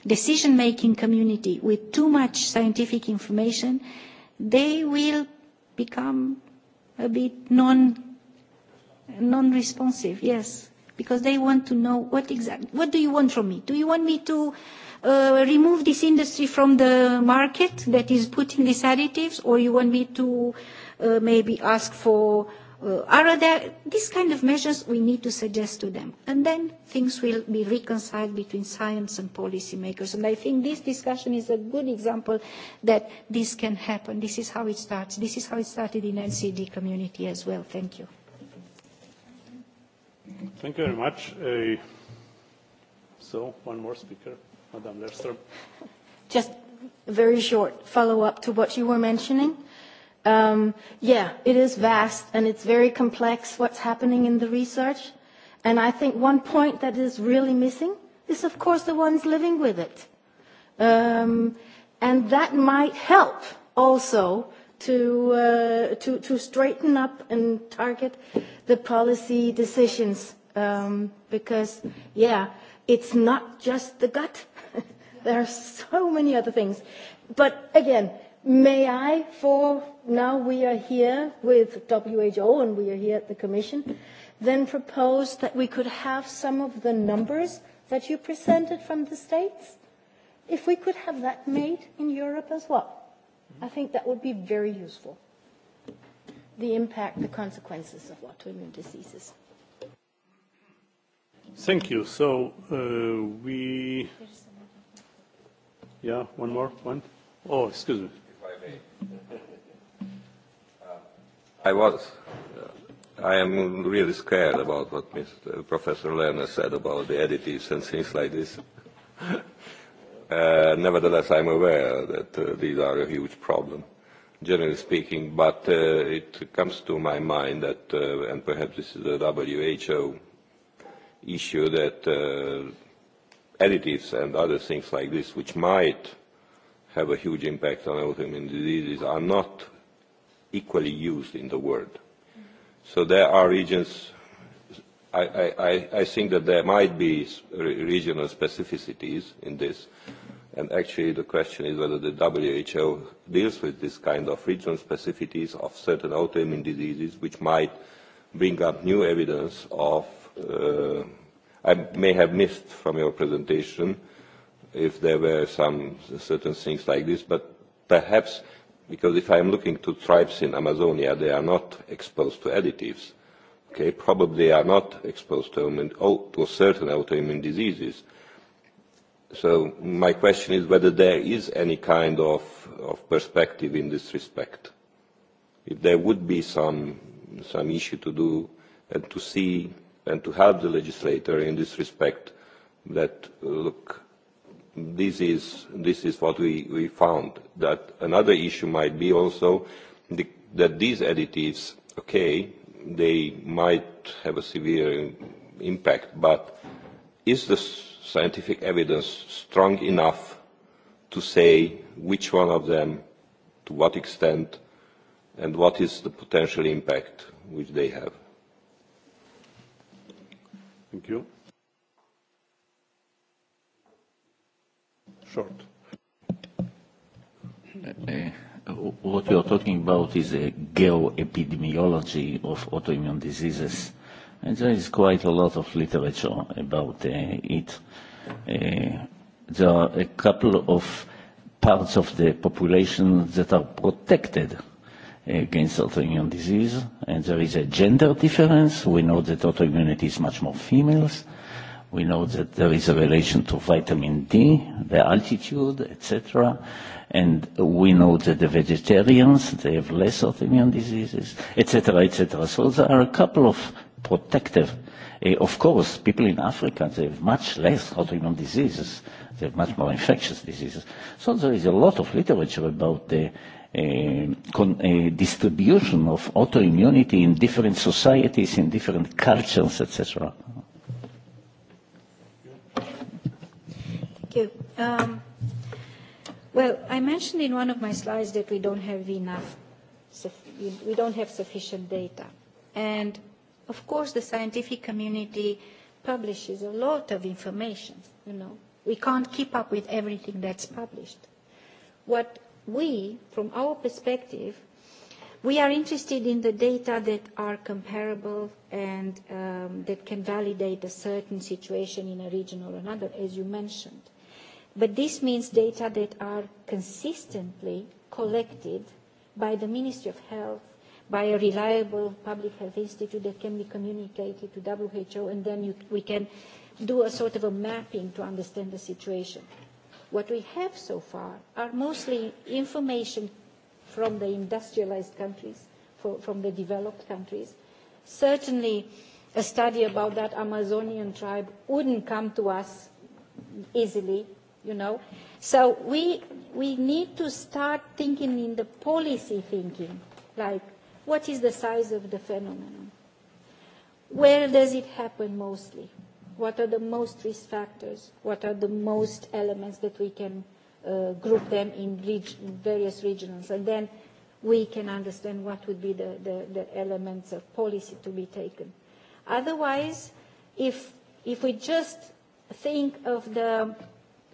decision-making community with too much scientific information, they will become a bit non-responsive, yes, because they want to know what exactly, what do you want from me? Do you want me to remove this industry from the market that is putting these additives, or you want me to maybe ask for are there these kind of measures we need to suggest to them and then things will be reconciled between science and makers and i think this discussion is a good example that this can happen this is how it starts this is how it started in ncd community as well thank you thank you very much so one more speaker madam Lester just very short follow up to what you were mentioning Yeah, it is vast and it's very complex what's happening in the research. And I think one point that is really missing is, of course, the ones living with it. And that might help also to to straighten up and target the policy decisions because, yeah, it's not just the gut. There are so many other things. But again, May I, for now we are here with WHO and we are here at the Commission, then propose that we could have some of the numbers that you presented from the States, if we could have that made in Europe as well. I think that would be very useful. The impact, the consequences of autoimmune diseases. Thank you. So we. Yeah, one more? One? Oh, excuse me. I was. I am really scared about what Mr. Professor Lerner said about the additives and things like this. uh, nevertheless, I'm aware that these are a huge problem, generally speaking, but it comes to my mind that, uh, and perhaps this is a WHO issue, that additives and other things like this, which might have a huge impact on autoimmune diseases are not equally used in the world. So there are regions, I, I, I think that there might be regional specificities in this, and actually the question is whether the WHO deals with this kind of regional specificities of certain autoimmune diseases which might bring up new evidence of, I may have missed from your presentation, if there were some certain things like this, but perhaps because if I'm looking to tribes in Amazonia, they are not exposed to additives. Okay, probably are not exposed to, certain autoimmune diseases. So my question is whether there is any kind of, perspective in this respect. If there would be some, some issue to do and to see and to help the legislator in this respect that, look, this is this is what we we found. That another issue might be also that these additives, okay, they might have a severe impact, but is the scientific evidence strong enough to say which one of them, to what extent, and what is the potential impact which they have? Thank you. short. What you are talking about is a geo-epidemiology of autoimmune diseases. And there is quite a lot of literature about it. There are a couple of parts of the population that are protected against autoimmune disease, and there is a gender difference. We know that autoimmunity is much more females We know that there is a relation to vitamin D, the altitude, etc. And we know that the vegetarians, they have less autoimmune diseases, etc., etc. So there are a couple of protective. Of course, people in Africa, they have much less autoimmune diseases. They have much more infectious diseases. So there is a lot of literature about the distribution of autoimmunity in different societies, in different cultures, etc. you. Well, I mentioned in one of my slides that we don't have enough, we don't have sufficient data. And, of course, the scientific community publishes a lot of information, you know. We can't keep up with everything that's published. What we, from our perspective, we are interested in the data that are comparable and that can validate a certain situation in a region or another, as you mentioned. But this means data that are consistently collected by the Ministry of Health, by a reliable public health institute that can be communicated to WHO, and then we can do a sort of a mapping to understand the situation. What we have so far are mostly information from the industrialized countries, from the developed countries. Certainly, a study about that Amazonian tribe wouldn't come to us easily you know. So we we need to start thinking in the policy thinking, like what is the size of the phenomenon? Where does it happen mostly? What are the most risk factors? What are the most elements that we can group them in various regions? And then we can understand what would be the, the, the elements of policy to be taken. Otherwise, if, if we just think of the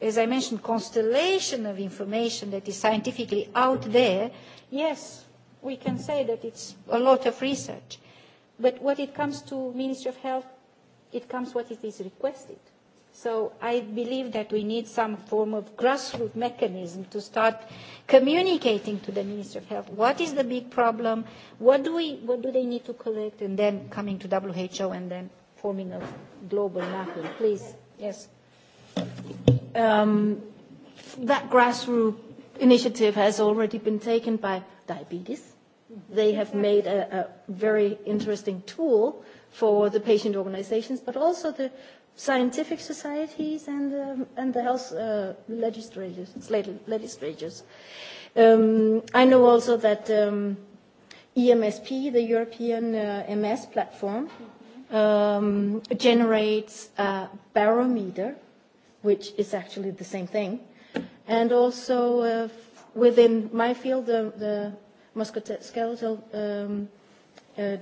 as I mentioned, constellation of information that is scientifically out there, yes, we can say that it's a lot of research. But when it comes to Ministry of Health, it comes what it is requested. So I believe that we need some form of grassroots mechanism to start communicating to the Ministry of Health what is the big problem, what do, we, what do they need to collect, and then coming to WHO and then forming a global mapping. Please, yes. That grassroots initiative has already been taken by diabetes. They have made a very interesting tool for the patient organizations, but also the scientific societies and and the health legislators. legislatures. I know also that EMSP, the European MS platform, generates a barometer which is actually the same thing. And also within my field, the musculoskeletal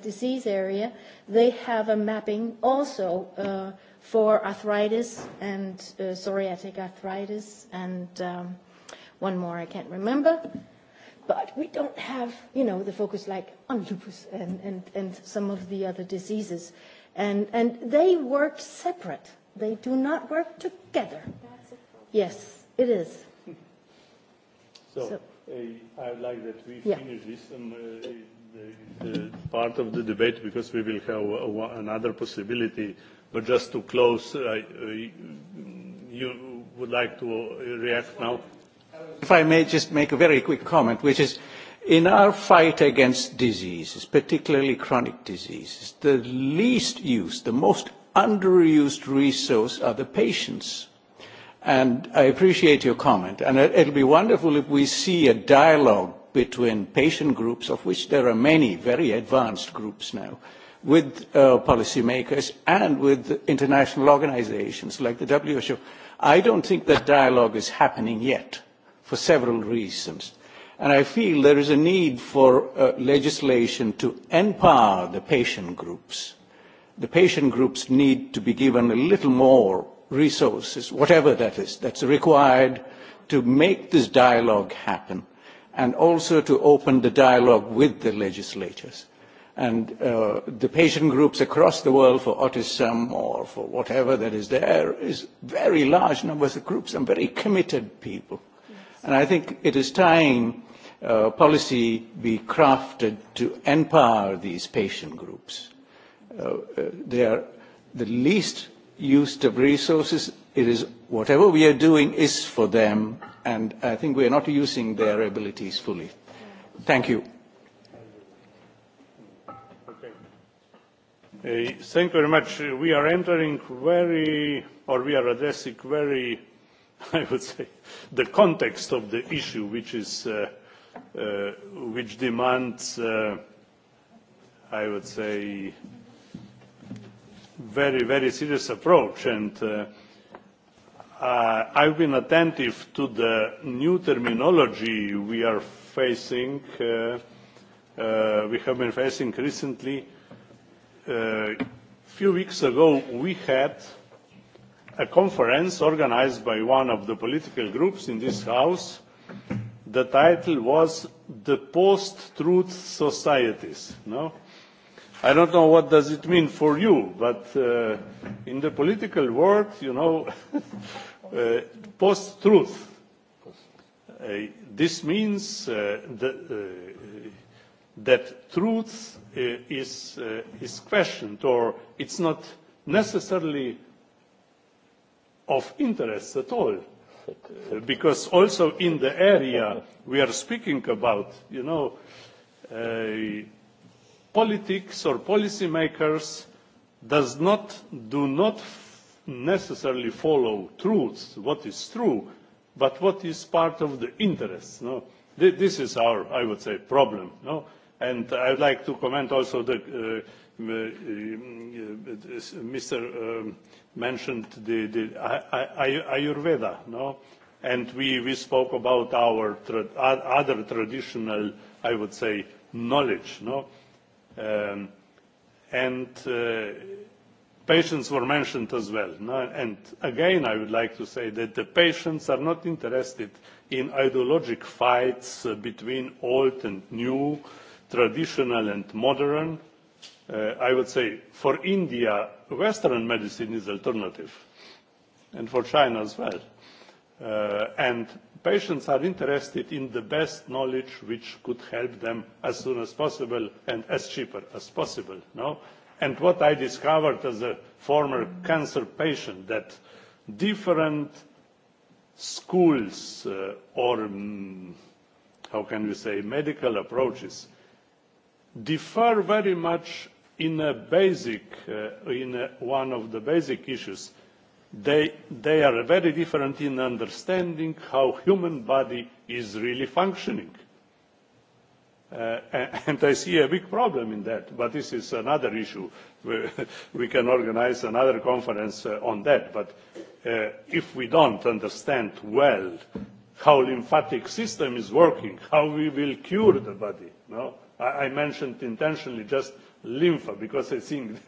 disease area, they have a mapping also for arthritis and psoriatic arthritis and one more I can't remember. But we don't have, you know, the focus like on lupus and, and, and some of the other diseases. And, and they work separate They do not work together. Yes, it is. So I would like that we finish this part of the debate because we will have another possibility. But just to close, you would like to react now? If I may just make a very quick comment, which is in our fight against diseases, particularly chronic diseases, the least use, the most underused resource are the patients. And I appreciate your comment. And will be wonderful if we see a dialogue between patient groups, of which there are many very advanced groups now, with policymakers and with international organizations like the WHO. I don't think that dialogue is happening yet for several reasons. And I feel there is a need for legislation to empower the patient groups the patient groups need to be given a little more resources, whatever that is, that's required to make this dialogue happen and also to open the dialogue with the legislatures. And the patient groups across the world for autism or for whatever that is there is very large numbers of groups and very committed people. And I think it is time policy be crafted to empower these patient groups they are the least used of resources. It is whatever we are doing is for them, and I think we are not using their abilities fully. Thank you. Thank you very much. We are entering very, or we are addressing very, I would say, the context of the issue, which is, which demands, I would say, very, very serious approach. And I've been attentive to the new terminology we are facing, we have been facing recently. A few weeks ago, we had a conference organized by one of the political groups in this House. The title was The Post-Truth Societies. No? I don't know what does it mean for you, but in the political world, you know, post-truth. This means that truth is questioned or it's not necessarily of interest at all, because also in the area we are speaking about, you know politics or policymakers does not do not necessarily follow truths, what is true, but what is part of the interests. This is our, I would say, problem. And I would like to comment also that Mr. mentioned the Ayurveda, and we spoke about our other traditional, I would say, knowledge. And patients were mentioned as well. And again, I would like to say that the patients are not interested in ideologic fights between old and new, traditional and modern. I would say for India, Western medicine is alternative, and for China as well. And Patients are interested in the best knowledge which could help them as soon as possible and as cheaper as possible. And what I discovered as a former cancer patient that different schools or how can we say medical approaches differ very much in a basic in one of the basic issues They are very different in understanding how human body is really functioning. And I see a big problem in that, but this is another issue. We can organize another conference on that, but if we don't understand well how lymphatic system is working, how we will cure the body. I mentioned intentionally just Lympha, because I think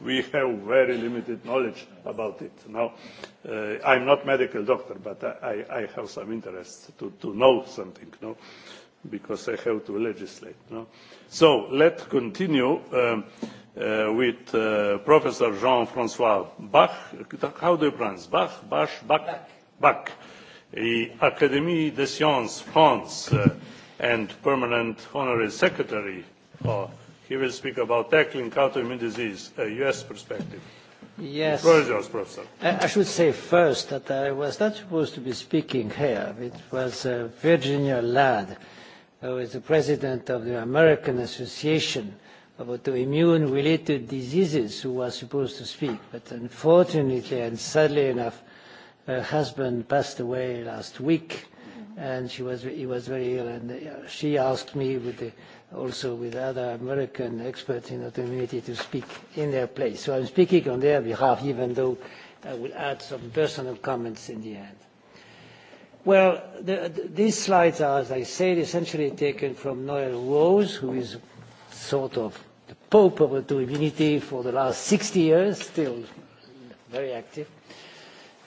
we have very limited knowledge about it. Now, I'm not medical doctor, but I have some interest to know something, no, because I have to legislate. No, so let's continue with Professor Jean-François Bach. How do you pronounce Bach? Bach? Bach? Bach. Académie des Sciences France and permanent honorary secretary of He will speak about tackling autoimmune disease, a U.S. perspective. Yes. Professor. I should say first that I was not supposed to be speaking here. It was Virginia Ladd, who is the president of the American Association of Autoimmune-Related Diseases, who was supposed to speak. But unfortunately and sadly enough, her husband passed away last week and she was he was very ill and she asked me with the, also with other American experts in autoimmunity to speak in their place. So I'm speaking on their behalf even though I will add some personal comments in the end. Well, the, these slides are, as I said, essentially taken from Noel Rose, who is sort of the pope of autoimmunity for the last 60 years, still very active.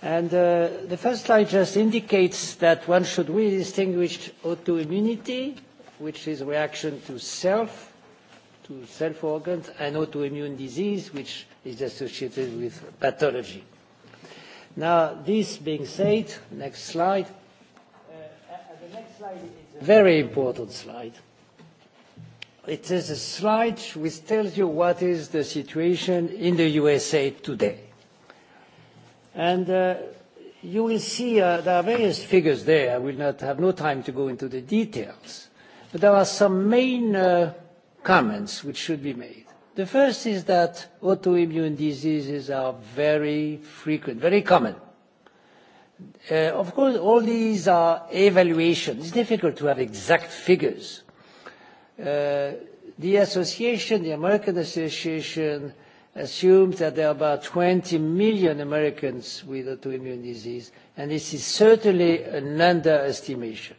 And the first slide just indicates that one should really distinguish autoimmunity, which is reaction to self, to self-organs, and autoimmune disease, which is associated with pathology. Now, this being said, next slide. The next slide is a very important slide. It is a slide which tells you what is the situation in the USA today. And you will see there are various figures there. I will not have no time to go into the details. But there are some main comments which should be made. The first is that autoimmune diseases are very frequent, very common. Of course, all these are evaluations. It's difficult to have exact figures. The association, the American Association, assumes that there are about 20 million Americans with autoimmune disease, and this is certainly an underestimation.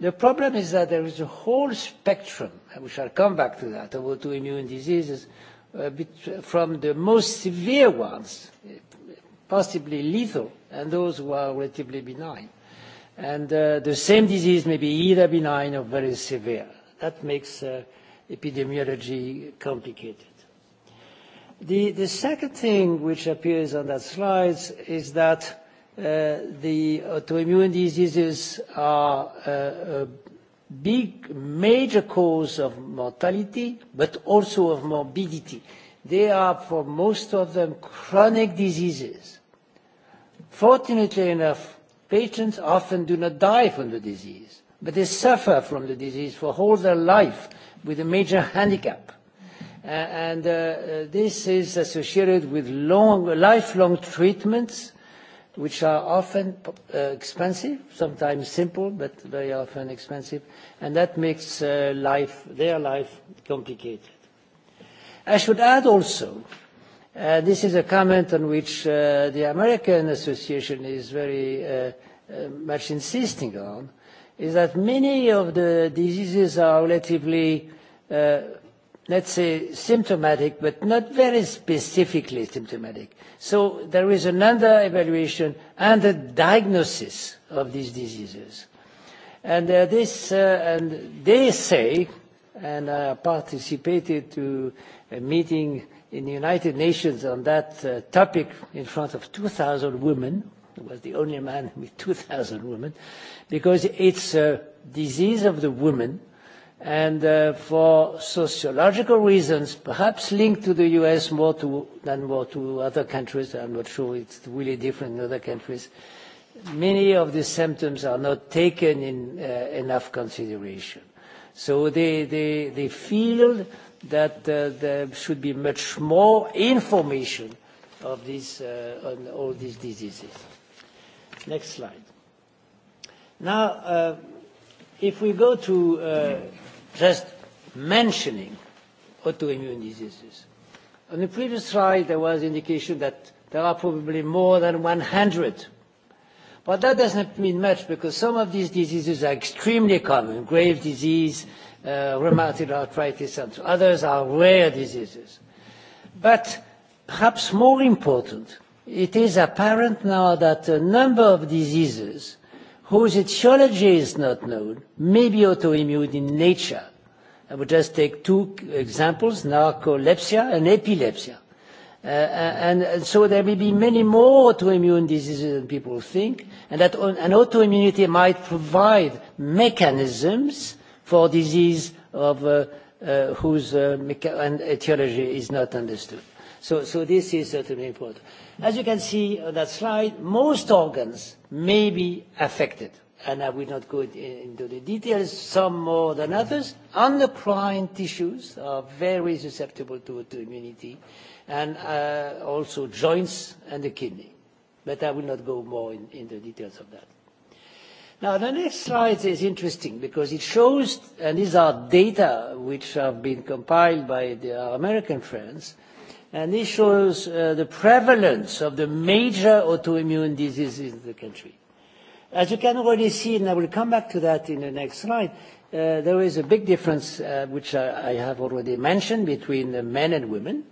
The problem is that there is a whole spectrum, and we shall come back to that, of autoimmune diseases, from the most severe ones, possibly lethal, and those who are relatively benign. And the same disease may be either benign or very severe. That makes epidemiology complicated. The second thing which appears on that slide is that the autoimmune diseases are a big major cause of mortality but also of morbidity. They are for most of them chronic diseases. Fortunately enough, patients often do not die from the disease, but they suffer from the disease for all their life with a major handicap and this is associated with long lifelong treatments which are often expensive sometimes simple but very often expensive and that makes life their life complicated i should add also this is a comment on which the american association is very much insisting on is that many of the diseases are relatively let's say, symptomatic, but not very specifically symptomatic. So there is an under-evaluation and a diagnosis of these diseases. And this, and they say, and I participated to a meeting in the United Nations on that topic in front of 2,000 women. I was the only man with 2,000 women, because it's a disease of the woman and for sociological reasons, perhaps linked to the U.S. more than more to other countries. I'm not sure it's really different in other countries. Many of the symptoms are not taken in enough consideration. So they, they, they feel that there should be much more information of on all these diseases. Next slide. Now, if we go to just mentioning autoimmune diseases. On the previous slide, there was indication that there are probably more than 100. But that doesn't mean much because some of these diseases are extremely common, grave disease, rheumatoid arthritis, and others are rare diseases. But perhaps more important, it is apparent now that a number of diseases whose etiology is not known, may be autoimmune in nature. I will just take two examples, narcolepsia and epilepsy. And so there may be many more autoimmune diseases than people think, and that an autoimmunity might provide mechanisms for disease of whose etiology is not understood. So this is certainly important. As you can see on that slide, most organs may be affected, and I will not go into the details, some more than others. Endocrine tissues are very susceptible to autoimmunity, and also joints and the kidney. But I will not go more into the details of that. Now, the next slide is interesting because it shows, and these are data which have been compiled by our American friends, and this shows the prevalence of the major autoimmune diseases in the country. As you can already see, and I will come back to that in the next slide, there is a big difference, which I have already mentioned, between men and women.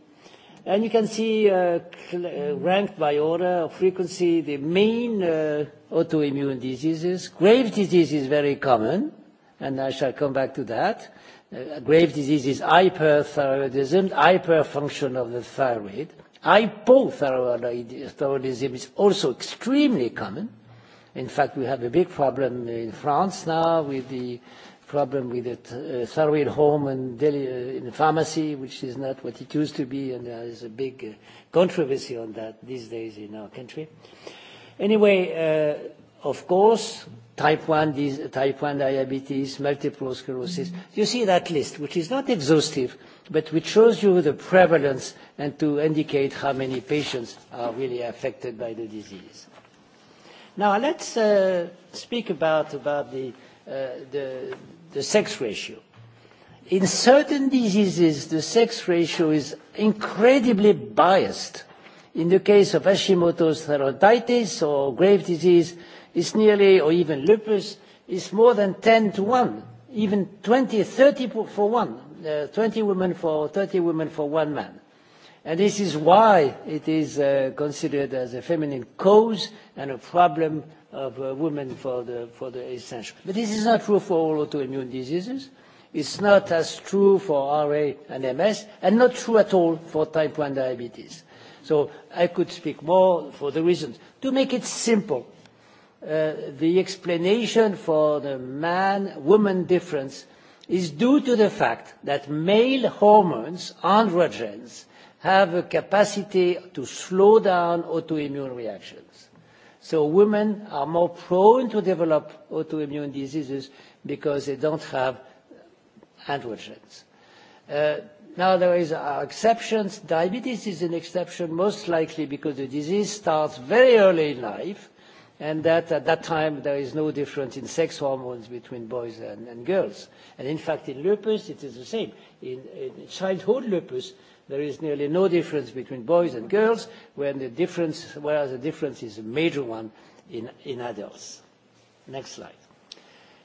And you can see, ranked by order of frequency, the main autoimmune diseases. Grave disease is very common, and I shall come back to that grave is hyperthyroidism, hyperfunction of the thyroid. Hypothyroidism is also extremely common. In fact, we have a big problem in France now with the problem with the thyroid hormone in pharmacy, which is not what it used to be, and there is a big controversy on that these days in our country. Anyway, of course, type 1 diabetes, multiple sclerosis. You see that list, which is not exhaustive, but which shows you the prevalence and to indicate how many patients are really affected by the disease. Now let's speak about about the the sex ratio. In certain diseases, the sex ratio is incredibly biased. In the case of Hashimoto's thyroiditis or grave disease, is nearly, or even lupus, is more than 10 to 1, even 20, 30 for one, 20 women for 30 women for one man. And this is why it is considered as a feminine cause and a problem of women for the, for the essential. But this is not true for all autoimmune diseases. It's not as true for RA and MS, and not true at all for type 1 diabetes. So I could speak more for the reasons. To make it simple, the explanation for the man-woman difference is due to the fact that male hormones, androgens, have a capacity to slow down autoimmune reactions. So women are more prone to develop autoimmune diseases because they don't have androgens. Now there is exceptions. Diabetes is an exception most likely because the disease starts very early in life and that at that time there is no difference in sex hormones between boys and girls. And in fact in lupus it is the same. In childhood lupus there is nearly no difference between boys and girls, when the difference, whereas the difference is a major one in, in adults. Next slide.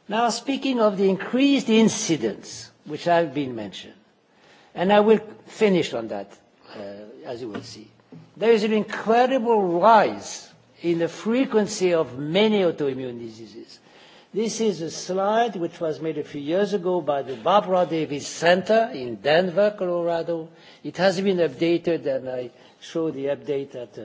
Now speaking of the increased incidence, which have been mentioned, and I will finish on that, as you will see. There is an incredible rise in the frequency of many autoimmune diseases. This is a slide which was made a few years ago by the Barbara Davis Center in Denver, Colorado. It has been updated, and I showed the update at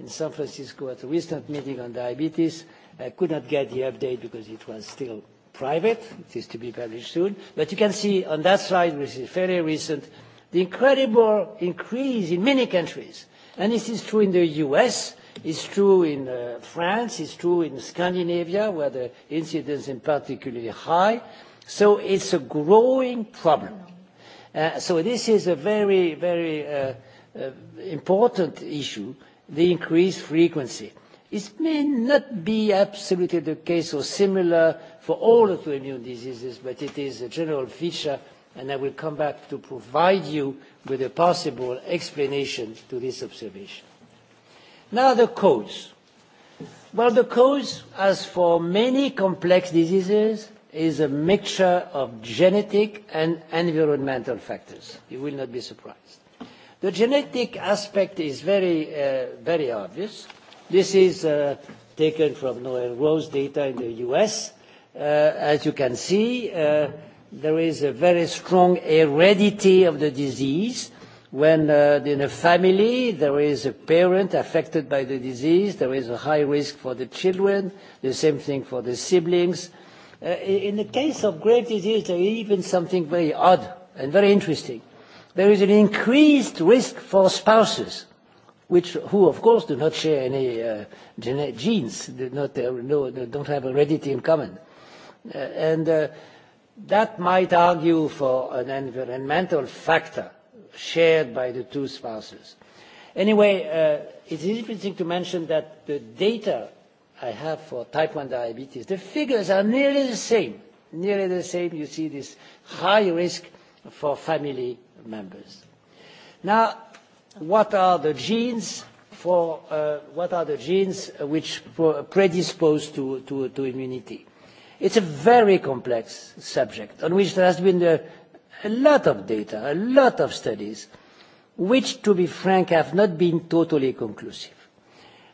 in San Francisco at a recent meeting on diabetes. I could not get the update because it was still private. It is to be published soon. But you can see on that slide, which is fairly recent, the incredible increase in many countries. And this is true in the U.S., It's true in France, it's true in Scandinavia, where the incidence is particularly high. So it's a growing problem. So this is a very, very important issue, the increased frequency. It may not be absolutely the case or similar for all autoimmune diseases, but it is a general feature, and I will come back to provide you with a possible explanation to this observation. Now the cause. Well, the cause, as for many complex diseases, is a mixture of genetic and environmental factors. You will not be surprised. The genetic aspect is very, very obvious. This is taken from Noel Rose data in the U.S. As you can see, there is a very strong heredity of the disease When in a family there is a parent affected by the disease, there is a high risk for the children, the same thing for the siblings. In the case of grave disease, there is even something very odd and very interesting. There is an increased risk for spouses, which who of course do not share any genes, do not don't have a heredity in common, and that might argue for an environmental factor shared by the two spouses. Anyway, it's interesting to mention that the data I have for type 1 diabetes, the figures are nearly the same. Nearly the same, you see this high risk for family members. Now, what are the genes for what are the genes which predispose to to immunity? It's a very complex subject on which there has been a a lot of data, a lot of studies, which, to be frank, have not been totally conclusive,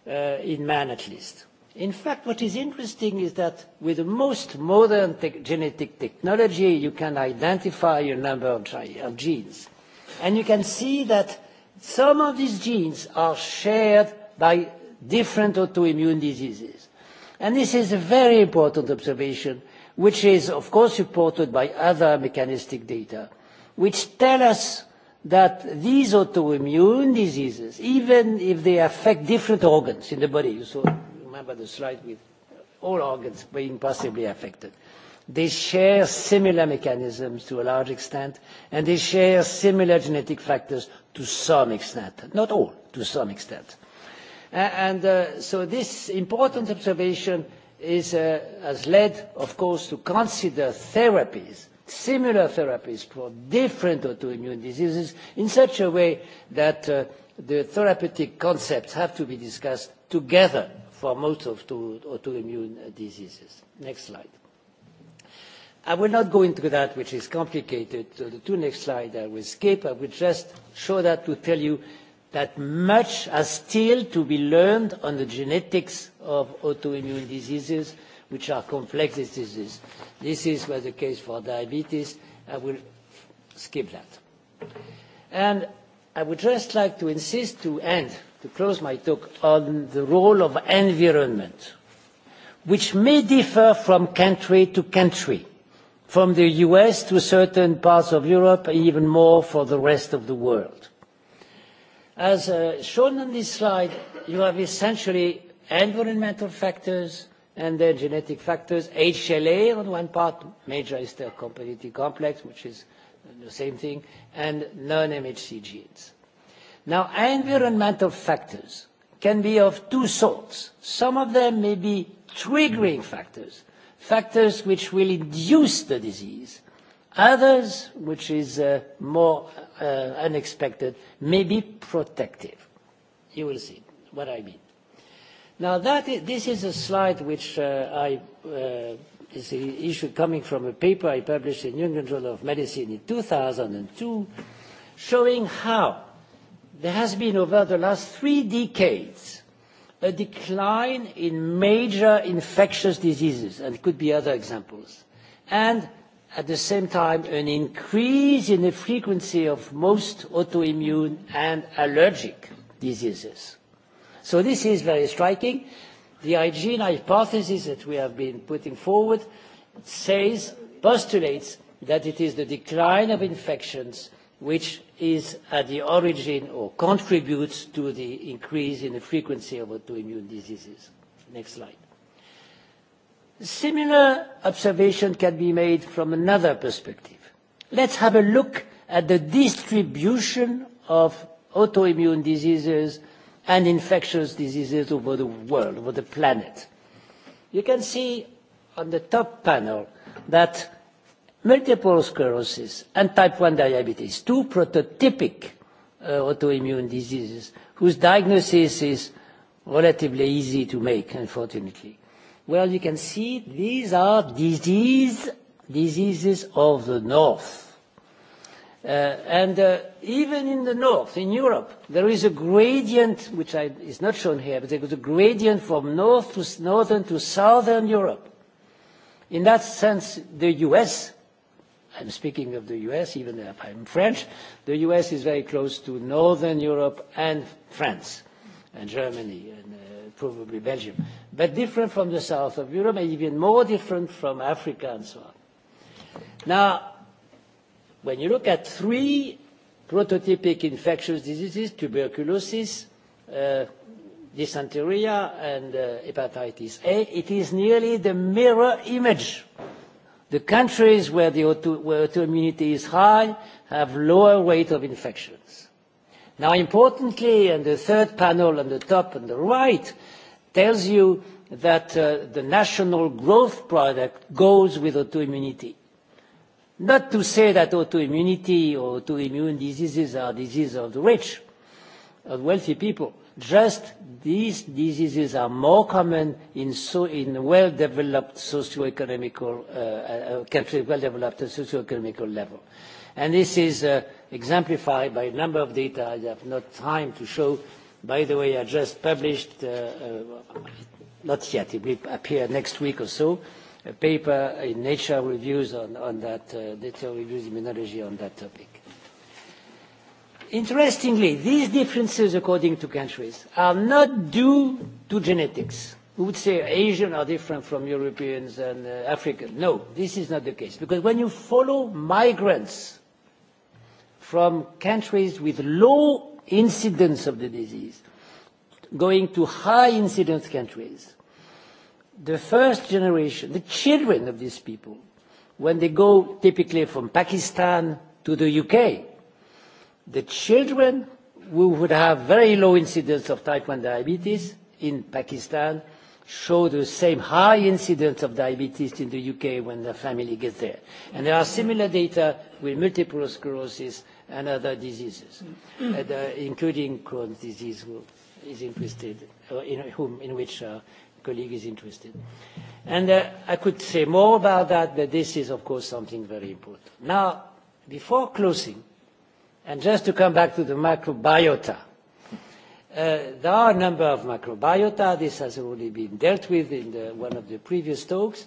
in man at least. In fact, what is interesting is that with the most modern genetic technology, you can identify a number of genes. And you can see that some of these genes are shared by different autoimmune diseases. And this is a very important observation which is of course supported by other mechanistic data, which tell us that these autoimmune diseases, even if they affect different organs in the body, you saw, remember the slide with all organs being possibly affected, they share similar mechanisms to a large extent, and they share similar genetic factors to some extent, not all, to some extent. And so this important observation has led, of course, to consider therapies, similar therapies for different autoimmune diseases in such a way that the therapeutic concepts have to be discussed together for most of autoimmune diseases. Next slide. I will not go into that, which is complicated. The two next slides I will skip. I will just show that to tell you that much has still to be learned on the genetics of autoimmune diseases, which are complex diseases. This is the case for diabetes. I will skip that. And I would just like to insist to end, to close my talk, on the role of environment, which may differ from country to country, from the US to certain parts of Europe, and even more for the rest of the world As shown on this slide, you have essentially environmental factors and their genetic factors. HLA on one part, major histocompatibility complex, which is the same thing, and non-MHC genes. Now, environmental factors can be of two sorts. Some of them may be triggering factors, factors which will induce the disease. Others, which is more unexpected, maybe protective. You will see what I mean. Now, this is a slide which I is an issue coming from a paper I published in New England Journal of Medicine in 2002, showing how there has been over the last three decades a decline in major infectious diseases, and could be other examples, and at the same time an increase in the frequency of most autoimmune and allergic diseases. So this is very striking. The hygiene hypothesis that we have been putting forward says, postulates that it is the decline of infections which is at the origin or contributes to the increase in the frequency of autoimmune diseases. Next slide. Similar observation can be made from another perspective. Let's have a look at the distribution of autoimmune diseases and infectious diseases over the world, over the planet. You can see on the top panel that multiple sclerosis and type 1 diabetes, two prototypic autoimmune diseases whose diagnosis is relatively easy to make, unfortunately well, you can see these are disease, diseases of the north. And even in the north, in Europe, there is a gradient, which I is not shown here, but there is a gradient from north to northern to southern Europe. In that sense, the U.S., I'm speaking of the U.S., even if I'm French, the U.S. is very close to northern Europe and France and Germany and probably Belgium, but different from the south of Europe and even more different from Africa and so on. Now, when you look at three prototypic infectious diseases, tuberculosis, dysentery and hepatitis A, it is nearly the mirror image. The countries where the autoimmunity is high have lower rate of infections. Now, importantly, and the third panel on the top and the right, tells you that the national growth product goes with autoimmunity. Not to say that autoimmunity or autoimmune diseases are diseases of the rich, of wealthy people. Just these diseases are more common in in well-developed socio-economical countries, well-developed socio level. And this is exemplified by a number of data I have not time to show, By the way, I just published, not yet, it will appear next week or so, a paper in Nature Reviews on that, Nature Reviews Immunology on that topic. Interestingly, these differences according to countries are not due to genetics. We would say Asians are different from Europeans and Africans. No, this is not the case. Because when you follow migrants from countries with low incidence of the disease, going to high incidence countries, the first generation, the children of these people, when they go typically from Pakistan to the UK, the children who would have very low incidence of type 1 diabetes in Pakistan show the same high incidence of diabetes in the UK when the family gets there. And there are similar data with multiple sclerosis and other diseases, including Crohn's disease, who is interested, in whom, in which colleague is interested. And I could say more about that, but this is, of course, something very important. Now, before closing, and just to come back to the microbiota, there are a number of microbiota. This has already been dealt with in one of the previous talks.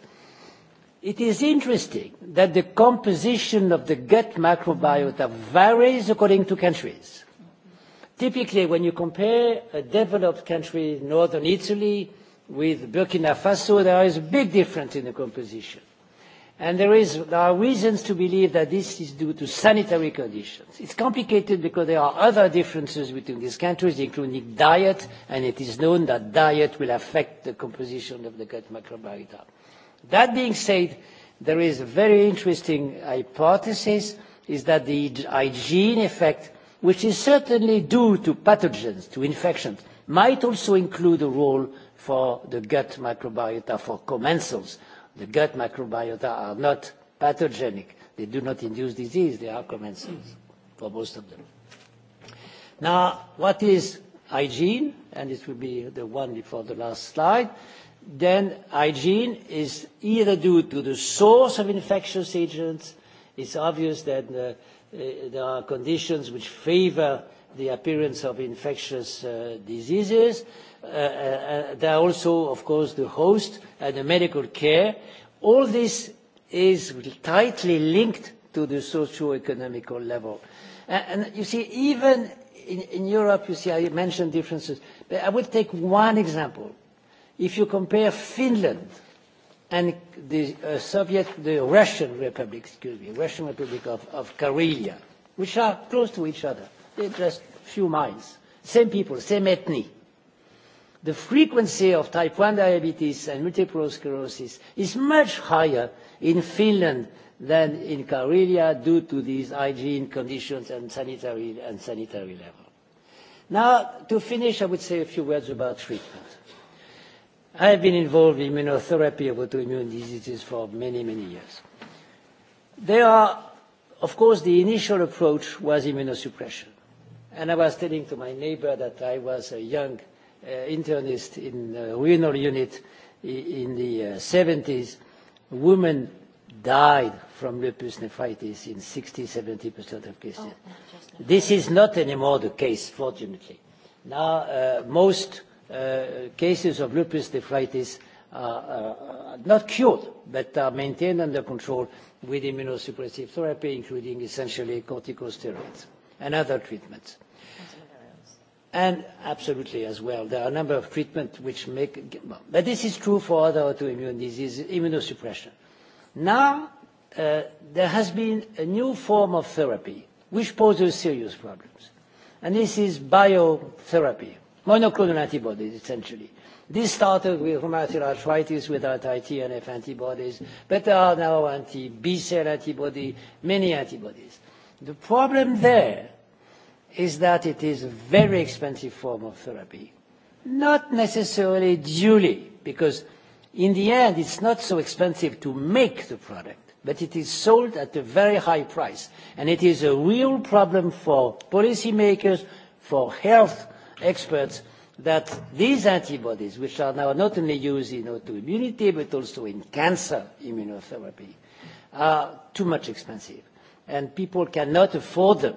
It is interesting that the composition of the gut microbiota varies according to countries. Typically, when you compare a developed country, northern Italy, with Burkina Faso, there is a big difference in the composition. And there are reasons to believe that this is due to sanitary conditions. It's complicated because there are other differences between these countries, including diet, and it is known that diet will affect the composition of the gut microbiota. That being said, there is a very interesting hypothesis is that the hygiene effect, which is certainly due to pathogens, to infections, might also include a role for the gut microbiota for commensals. The gut microbiota are not pathogenic. They do not induce disease. They are commensals for most of them. Now, what is hygiene? And this will be the one before the last slide then hygiene is either due to the source of infectious agents. It's obvious that there are conditions which favor the appearance of infectious diseases. There are also, of course, the host and the medical care. All this is tightly linked to the socio-economical level. And you see, even in Europe, you see, I mentioned differences. But I would take one example If you compare Finland and the Soviet, the Russian Republic, excuse me, Russian Republic of Karelia, which are close to each other, they're just a few miles, same people, same ethnic. The frequency of type 1 diabetes and multiple sclerosis is much higher in Finland than in Karelia due to these hygiene conditions and sanitary and sanitary level. Now, to finish, I would say a few words about treatment. I have been involved in immunotherapy of autoimmune diseases for many, many years. There are, of course, the initial approach was immunosuppression. And I was telling to my neighbor that I was a young internist in a renal unit in the 70s. Women died from lupus nephritis in 60-70% of cases. This is not anymore the case, fortunately. Now, most cases of lupus nephritis are not cured, but are maintained under control with immunosuppressive therapy, including essentially corticosteroids and other treatments. And absolutely as well, there are a number of treatments which make, but this is true for other autoimmune diseases, immunosuppression. Now, there has been a new form of therapy which poses serious problems, and this is biotherapy monoclonal antibodies essentially. This started with rheumatoid arthritis without ITNF antibodies, but there are now anti-B cell antibodies, many antibodies. The problem there is that it is a very expensive form of therapy, not necessarily duly, because in the end it's not so expensive to make the product, but it is sold at a very high price, and it is a real problem for policymakers, for health experts that these antibodies, which are now not only used in autoimmunity but also in cancer immunotherapy, are too much expensive and people cannot afford them.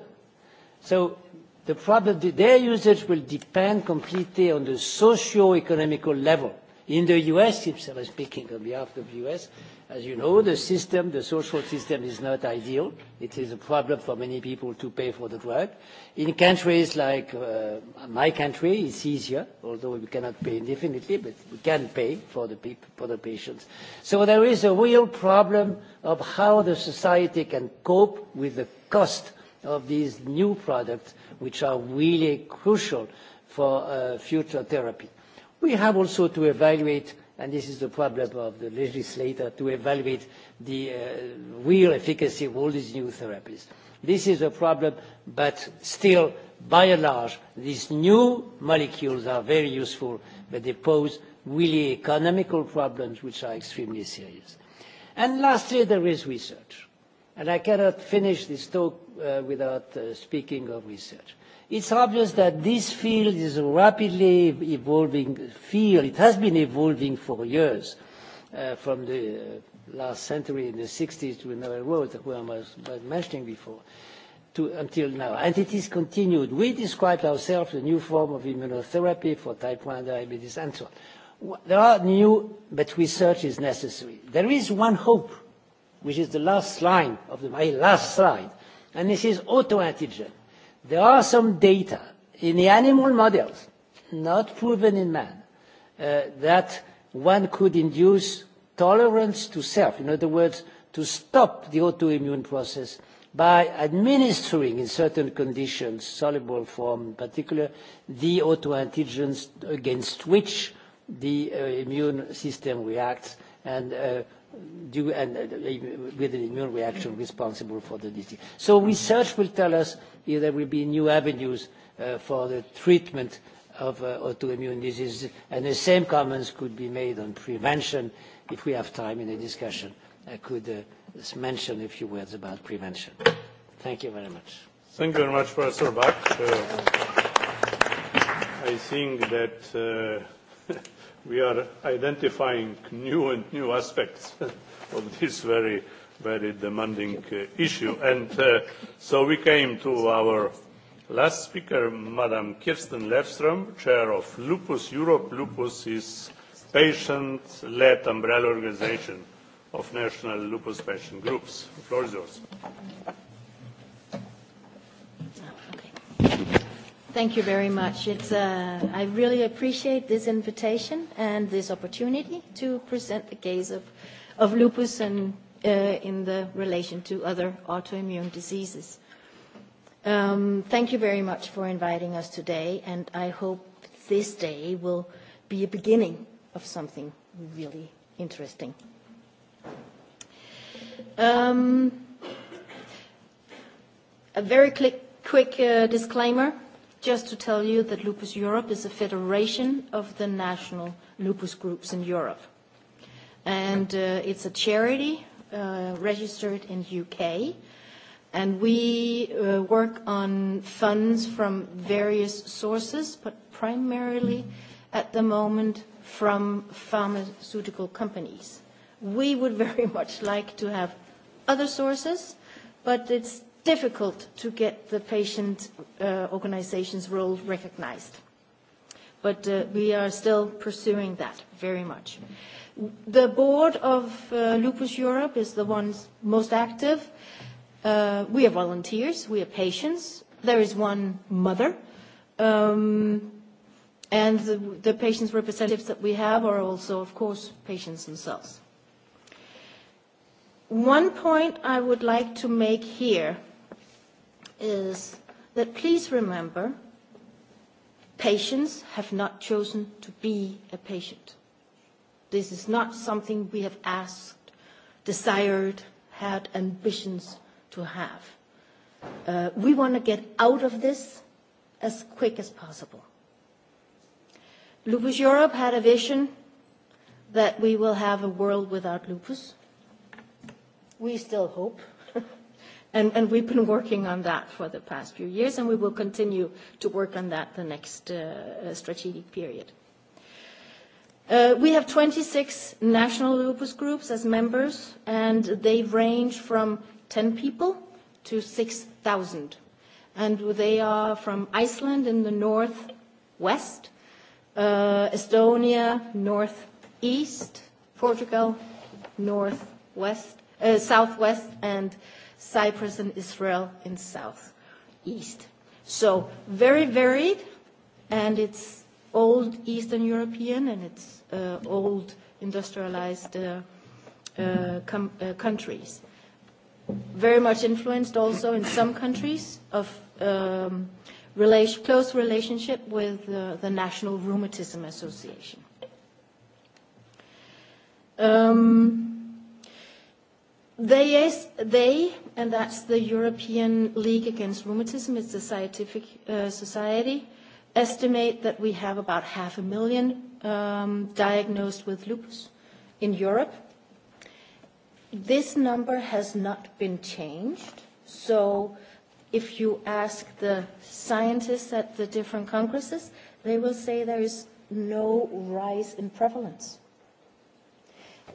So the problem, their usage will depend completely on the socio-economical level In the US, if I was speaking on behalf of the US, as you know, the system, the social system is not ideal. It is a problem for many people to pay for the drug. In countries like my country, it's easier, although we cannot pay indefinitely, but we can pay for the, for the patients. So there is a real problem of how the society can cope with the cost of these new products, which are really crucial for future therapy. We have also to evaluate, and this is the problem of the legislator, to evaluate the real efficacy of all these new therapies. This is a problem, but still, by and large, these new molecules are very useful, but they pose really economical problems which are extremely serious. And lastly, there is research. And I cannot finish this talk without speaking of research. It's obvious that this field is a rapidly evolving field. It has been evolving for years, from the last century in the 60s to another world that we was mentioning before, to until now. And it is continued. We described ourselves a new form of immunotherapy for type 1 diabetes and so on. There are new, but research is necessary. There is one hope, which is the last line of the my last slide, and this is autoantigen There are some data in the animal models, not proven in man, that one could induce tolerance to self, in other words, to stop the autoimmune process by administering in certain conditions, soluble form in particular, the autoantigens against which the immune system reacts and with an immune reaction responsible for the disease. So research will tell us there will be new avenues for the treatment of autoimmune diseases. And the same comments could be made on prevention. If we have time in the discussion, I could mention a few words about prevention. Thank you very much. Thank you very much, Professor Bach. I think that we are identifying new and new aspects of this very very demanding issue. And so we came to our last speaker, Madam Kirsten Lefstrom, Chair of Lupus Europe. Lupus is patient-led umbrella organization of national lupus patient groups. The floor is yours. Thank you very much. It's, uh, I really appreciate this invitation and this opportunity to present the case of, of lupus and in the relation to other autoimmune diseases. Thank you very much for inviting us today, and I hope this day will be a beginning of something really interesting. A very quick disclaimer, just to tell you that Lupus Europe is a federation of the national lupus groups in Europe. And it's a charity registered in UK. And we work on funds from various sources, but primarily at the moment from pharmaceutical companies. We would very much like to have other sources, but it's difficult to get the patient organization's role recognized. But we are still pursuing that very much. The board of Lupus Europe is the one most active. We are volunteers, we are patients. There is one mother, and the patients' representatives that we have are also, of course, patients themselves. One point I would like to make here is that please remember patients have not chosen to be a patient. This is not something we have asked, desired, had ambitions to have. We want to get out of this as quick as possible. Lupus Europe had a vision that we will have a world without lupus. We still hope. And we've been working on that for the past few years, and we will continue to work on that the next strategic period. We have 26 national lupus groups as members, and they range from 10 people to 6,000. And they are from Iceland in the northwest, Estonia northeast, Portugal northwest, southwest, and Cyprus and Israel in southeast. So very varied, and it's old Eastern European and it's old industrialized countries. Very much influenced also in some countries of close relationship with the National Rheumatism Association. They, and that's the European League Against Rheumatism, it's a scientific society, estimate that we have about half a million diagnosed with lupus in Europe. This number has not been changed, so if you ask the scientists at the different congresses, they will say there is no rise in prevalence.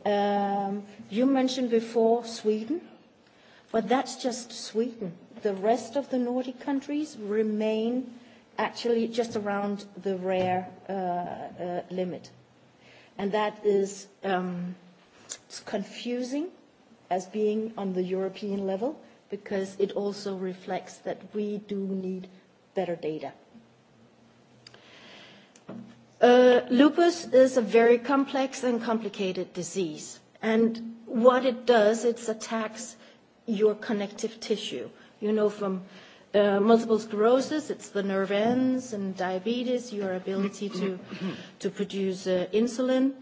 You mentioned before Sweden, but that's just Sweden. The rest of the Nordic countries remain actually just around the rare limit. And that is confusing as being on the European level because it also reflects that we do need better data. Lupus is a very complex and complicated disease. And what it does, it attacks your connective tissue. You know, from multiple sclerosis, it's the nerve ends and diabetes, your ability to to produce insulin.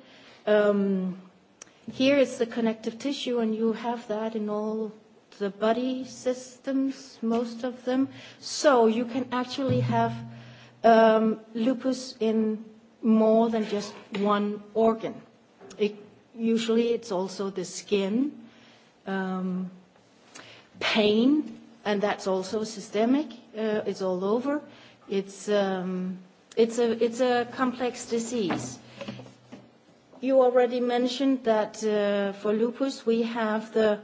Here it's the connective tissue, and you have that in all the body systems, most of them. So you can actually have lupus in more than just one organ. Usually it's also the skin, pain and that's also systemic. It's all over. It's it's a it's a complex disease. You already mentioned that for lupus we have the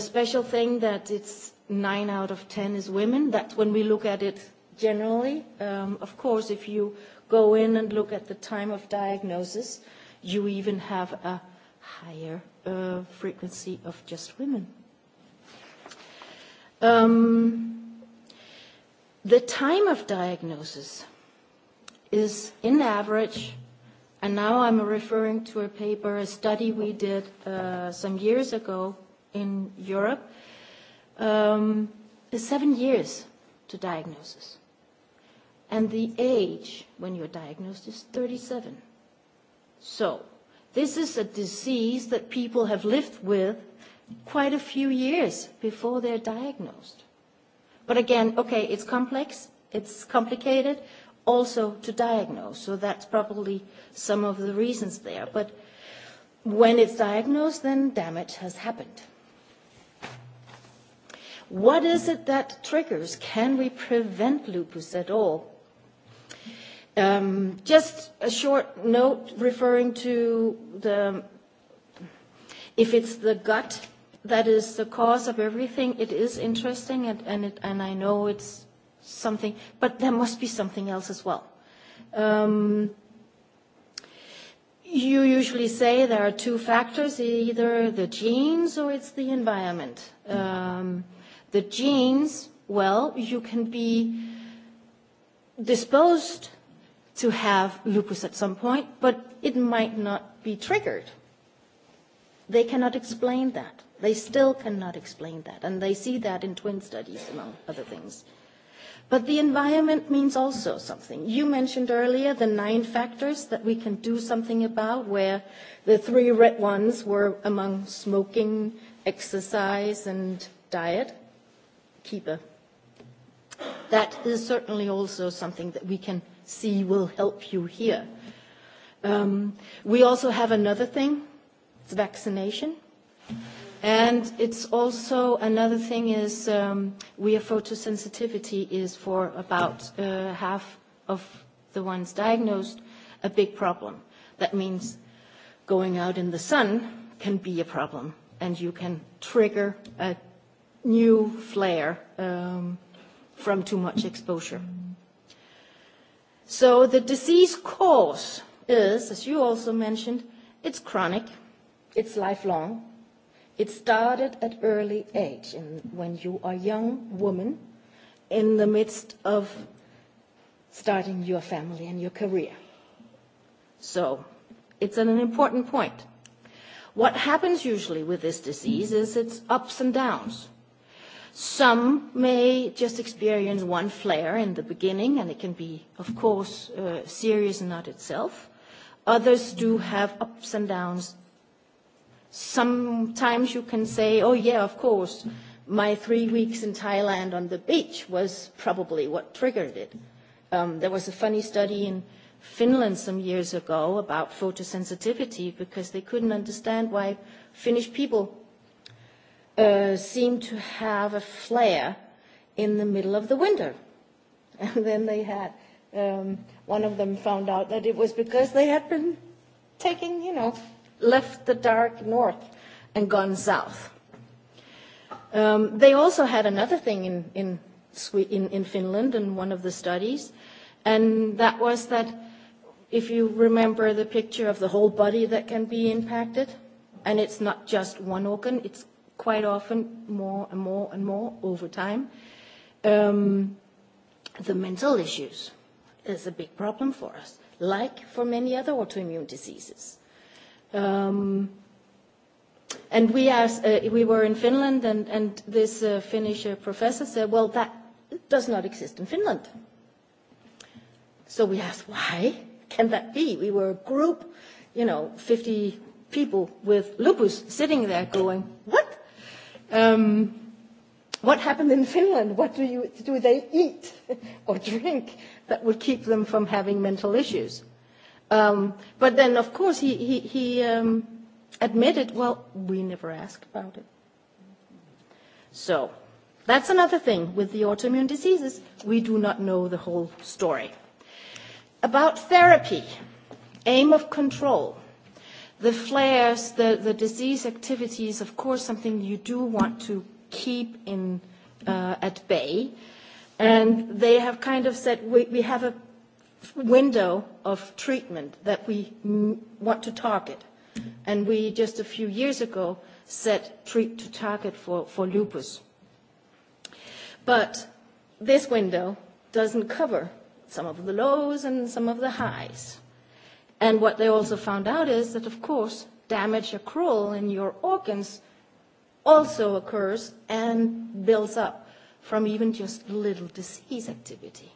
special thing that it's nine out of ten is women. That's when we look at it generally. Of course, if you go in and look at the time of diagnosis, you even have a higher frequency of just women. The time of diagnosis is, in average, and now I'm referring to a paper, a study we did some years ago in Europe, is seven years to diagnosis. And the age when you're diagnosed is 37. So this is a disease that people have lived with quite a few years before they're diagnosed. But again, okay, it's complex, it's complicated also to diagnose, so that's probably some of the reasons there. But when it's diagnosed, then damage has happened. What is it that triggers? Can we prevent lupus at all? Um, just a short note referring to the, if it's the gut that is the cause of everything, it is interesting and I know it's something, but there must be something else as well. You usually say there are two factors, either the genes or it's the environment. The genes, well, you can be disposed to have lupus at some point, but it might not be triggered. They cannot explain that. They still cannot explain that, and they see that in twin studies, among other things. But the environment means also something. You mentioned earlier the nine factors that we can do something about, where the three red ones were among smoking, exercise, and diet. Keeper. That is certainly also something that we can see will help you here. We also have another thing, it's vaccination. And it's also another thing is we have photosensitivity is for about half of the ones diagnosed a big problem. That means going out in the sun can be a problem and you can trigger a new flare from too much exposure. So the disease cause is, as you also mentioned, it's chronic, it's lifelong, It started at early age, when you are a young woman in the midst of starting your family and your career. So it's an important point. What happens usually with this disease is its ups and downs. Some may just experience one flare in the beginning, and it can be, of course, serious and not itself. Others do have ups and downs sometimes you can say, oh yeah, of course, my three weeks in Thailand on the beach was probably what triggered it. Um, there was a funny study in Finland some years ago about photosensitivity because they couldn't understand why Finnish people uh, seemed to have a flare in the middle of the winter. And then they had, um, one of them found out that it was because they had been taking, you know, left the dark north and gone south. They also had another thing in in Finland in one of the studies, and that was that if you remember the picture of the whole body that can be impacted, and it's not just one organ, it's quite often more and more and more over time. The mental issues is a big problem for us, like for many other autoimmune diseases. And we asked, we were in Finland, and and this Finnish professor said, well, that does not exist in Finland. So we asked, why can that be? We were a group, you know, 50 people with lupus sitting there going, what? What happened in Finland? What do you do they eat or drink that would keep them from having mental issues? But then, of course, he admitted, well, we never asked about it. So that's another thing with the autoimmune diseases. We do not know the whole story. About therapy, aim of control. The flares, the disease activities, of course, something you do want to keep in at bay. And they have kind of said, we have a window of treatment that we want to target. And we just a few years ago set treat to target for, for lupus. But this window doesn't cover some of the lows and some of the highs. And what they also found out is that, of course, damage accrual in your organs also occurs and builds up from even just little disease activity.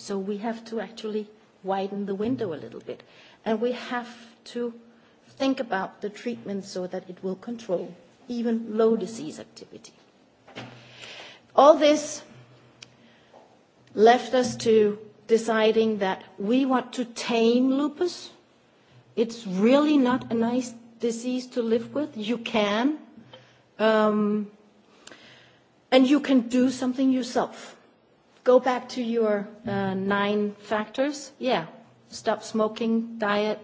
So we have to actually widen the window a little bit. And we have to think about the treatment so that it will control even low disease activity. All this left us to deciding that we want to tame lupus. It's really not a nice disease to live with. You can. Um, and you can do something yourself. Go back to your nine factors. Yeah, stop smoking, diet,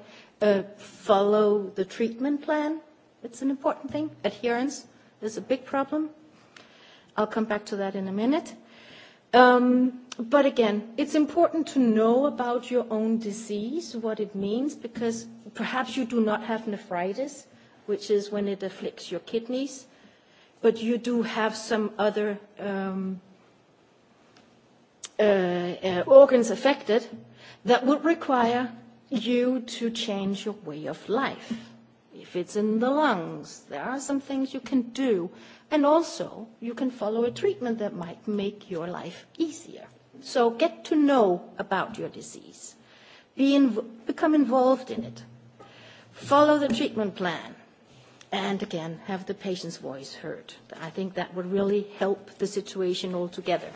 follow the treatment plan. It's an important thing. Adherence is a big problem. I'll come back to that in a minute. But again, it's important to know about your own disease, what it means, because perhaps you do not have nephritis, which is when it afflicts your kidneys, but you do have some other organs affected that would require you to change your way of life. If it's in the lungs, there are some things you can do. And also, you can follow a treatment that might make your life easier. So get to know about your disease. Become involved in it. Follow the treatment plan. And again, have the patient's voice heard. I think that would really help the situation altogether.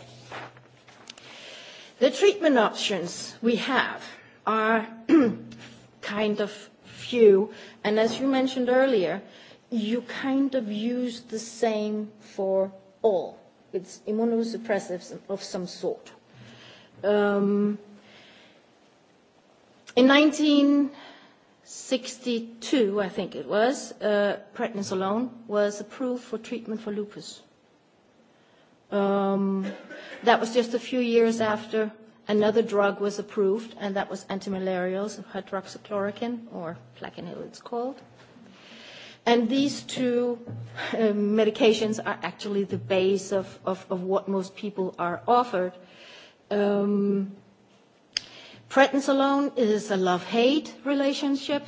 The treatment options we have are kind of few, and as you mentioned earlier, you kind of use the same for all. It's immunosuppressives of some sort. in 1962, I think it was, uh, prednisolone was approved for treatment for lupus. That was just a few years after another drug was approved, and that was antimalarials, hydroxychloroquine, or Plaquenil it's called. And these two medications are actually the base of of what most people are offered. alone is a love-hate relationship.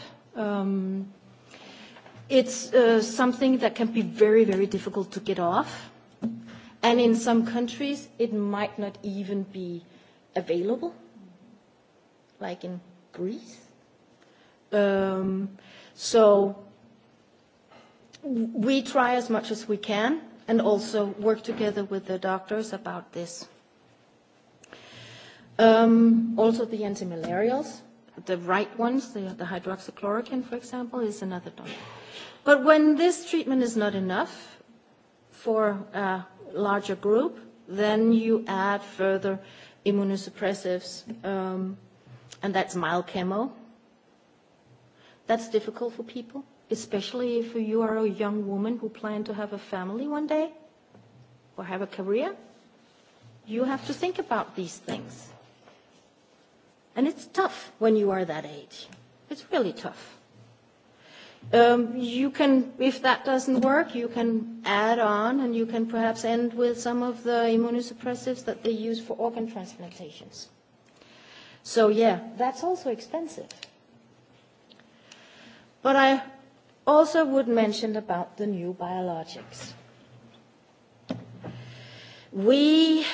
It's something that can be very, very difficult to get off. And in some countries, it might not even be available, like in Greece. Um, so we try as much as we can and also work together with the doctors about this. Um, also the antimalarials, the right ones, the, the hydroxychloroquine, for example, is another doctor. But when this treatment is not enough, for a larger group, then you add further immunosuppressives, and that's mild chemo. That's difficult for people, especially if you are a young woman who plan to have a family one day or have a career. You have to think about these things. And it's tough when you are that age. It's really tough. You can, if that doesn't work, you can add on and you can perhaps end with some of the immunosuppressives that they use for organ transplantations. So yeah, that's also expensive. But I also would mention about the new biologics. We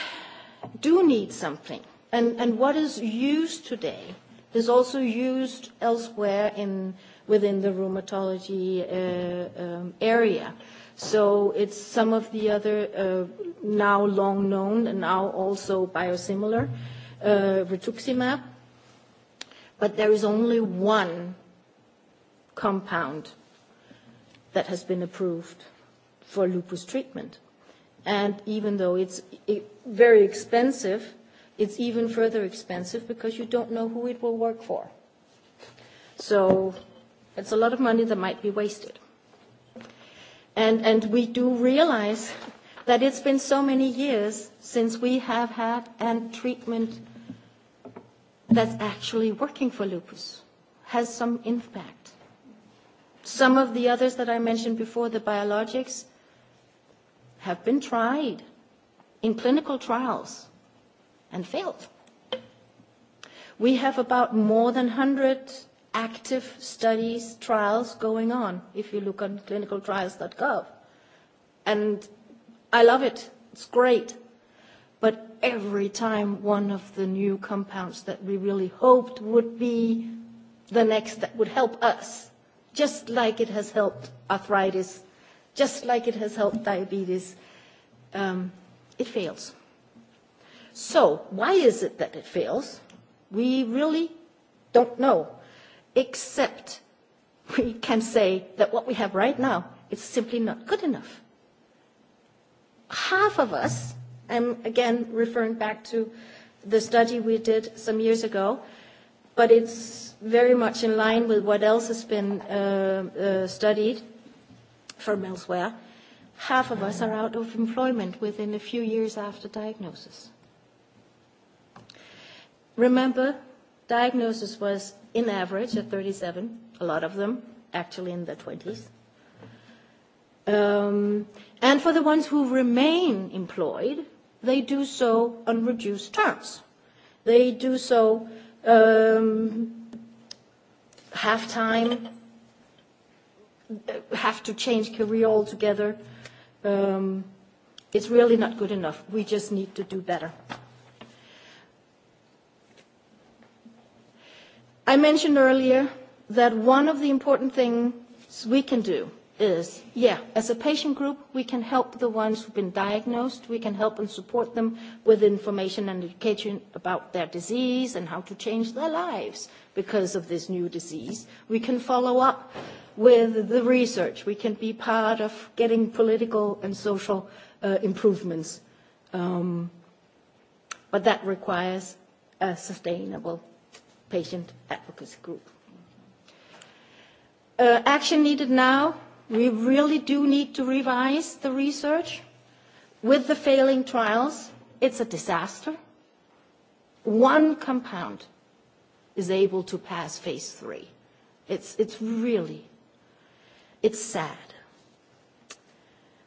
do need something, and what is used today is also used elsewhere in within the rheumatology area. So it's some of the other now long known and now also biosimilar rituximab. But there is only one compound that has been approved for lupus treatment. And even though it's very expensive, it's even further expensive because you don't know who it will work for. So It's a lot of money that might be wasted. And, and we do realize that it's been so many years since we have had a treatment that's actually working for lupus, has some impact. Some of the others that I mentioned before, the biologics, have been tried in clinical trials and failed. We have about more than 100 active studies, trials going on, if you look on clinicaltrials.gov. And I love it. It's great. But every time one of the new compounds that we really hoped would be the next that would help us, just like it has helped arthritis, just like it has helped diabetes, it fails. So why is it that it fails? We really don't know except we can say that what we have right now is simply not good enough. Half of us, I'm again referring back to the study we did some years ago, but it's very much in line with what else has been studied from elsewhere. Half of us are out of employment within a few years after diagnosis. Remember, diagnosis was in average at 37, a lot of them actually in their 20s. And for the ones who remain employed, they do so on reduced terms. They do so half-time, have to change career altogether. It's really not good enough. We just need to do better. I mentioned earlier that one of the important things we can do is, yeah, as a patient group, we can help the ones who've been diagnosed. We can help and support them with information and education about their disease and how to change their lives because of this new disease. We can follow up with the research. We can be part of getting political and social improvements. But that requires a sustainable patient advocacy group. Action needed now. We really do need to revise the research. With the failing trials, it's a disaster. One compound is able to pass phase three. It's it's really, it's sad.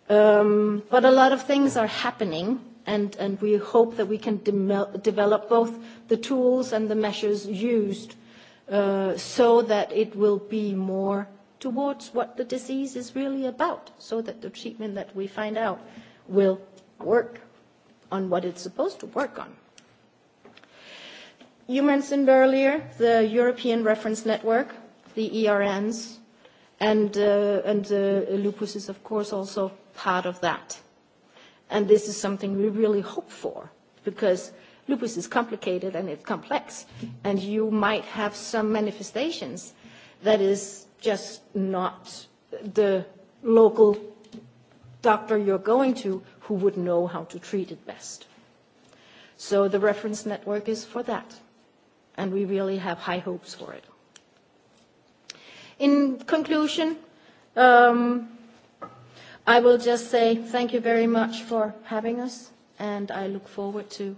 But a lot of things are happening, and and we hope that we can develop both the tools and the measures used so that it will be more towards what the disease is really about, so that the treatment that we find out will work on what it's supposed to work on. You mentioned earlier the European Reference Network, the ERNs, and lupus is, of course, also part of that. And this is something we really hope for, because lupus is complicated and it's complex, and you might have some manifestations that is just not the local doctor you're going to who would know how to treat it best. So the reference network is for that, and we really have high hopes for it. In conclusion, I will just say thank you very much for having us, and I look forward to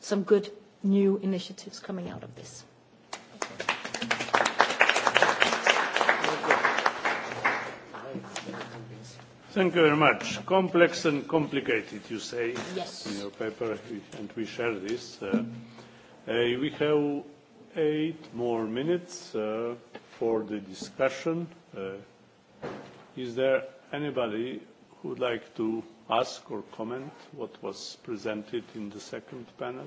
some good new initiatives coming out of this. Thank you very much. Complex and complicated, you say in your paper, and we share this. We have eight more minutes for the discussion. Is there anybody would like to ask or comment what was presented in the second panel?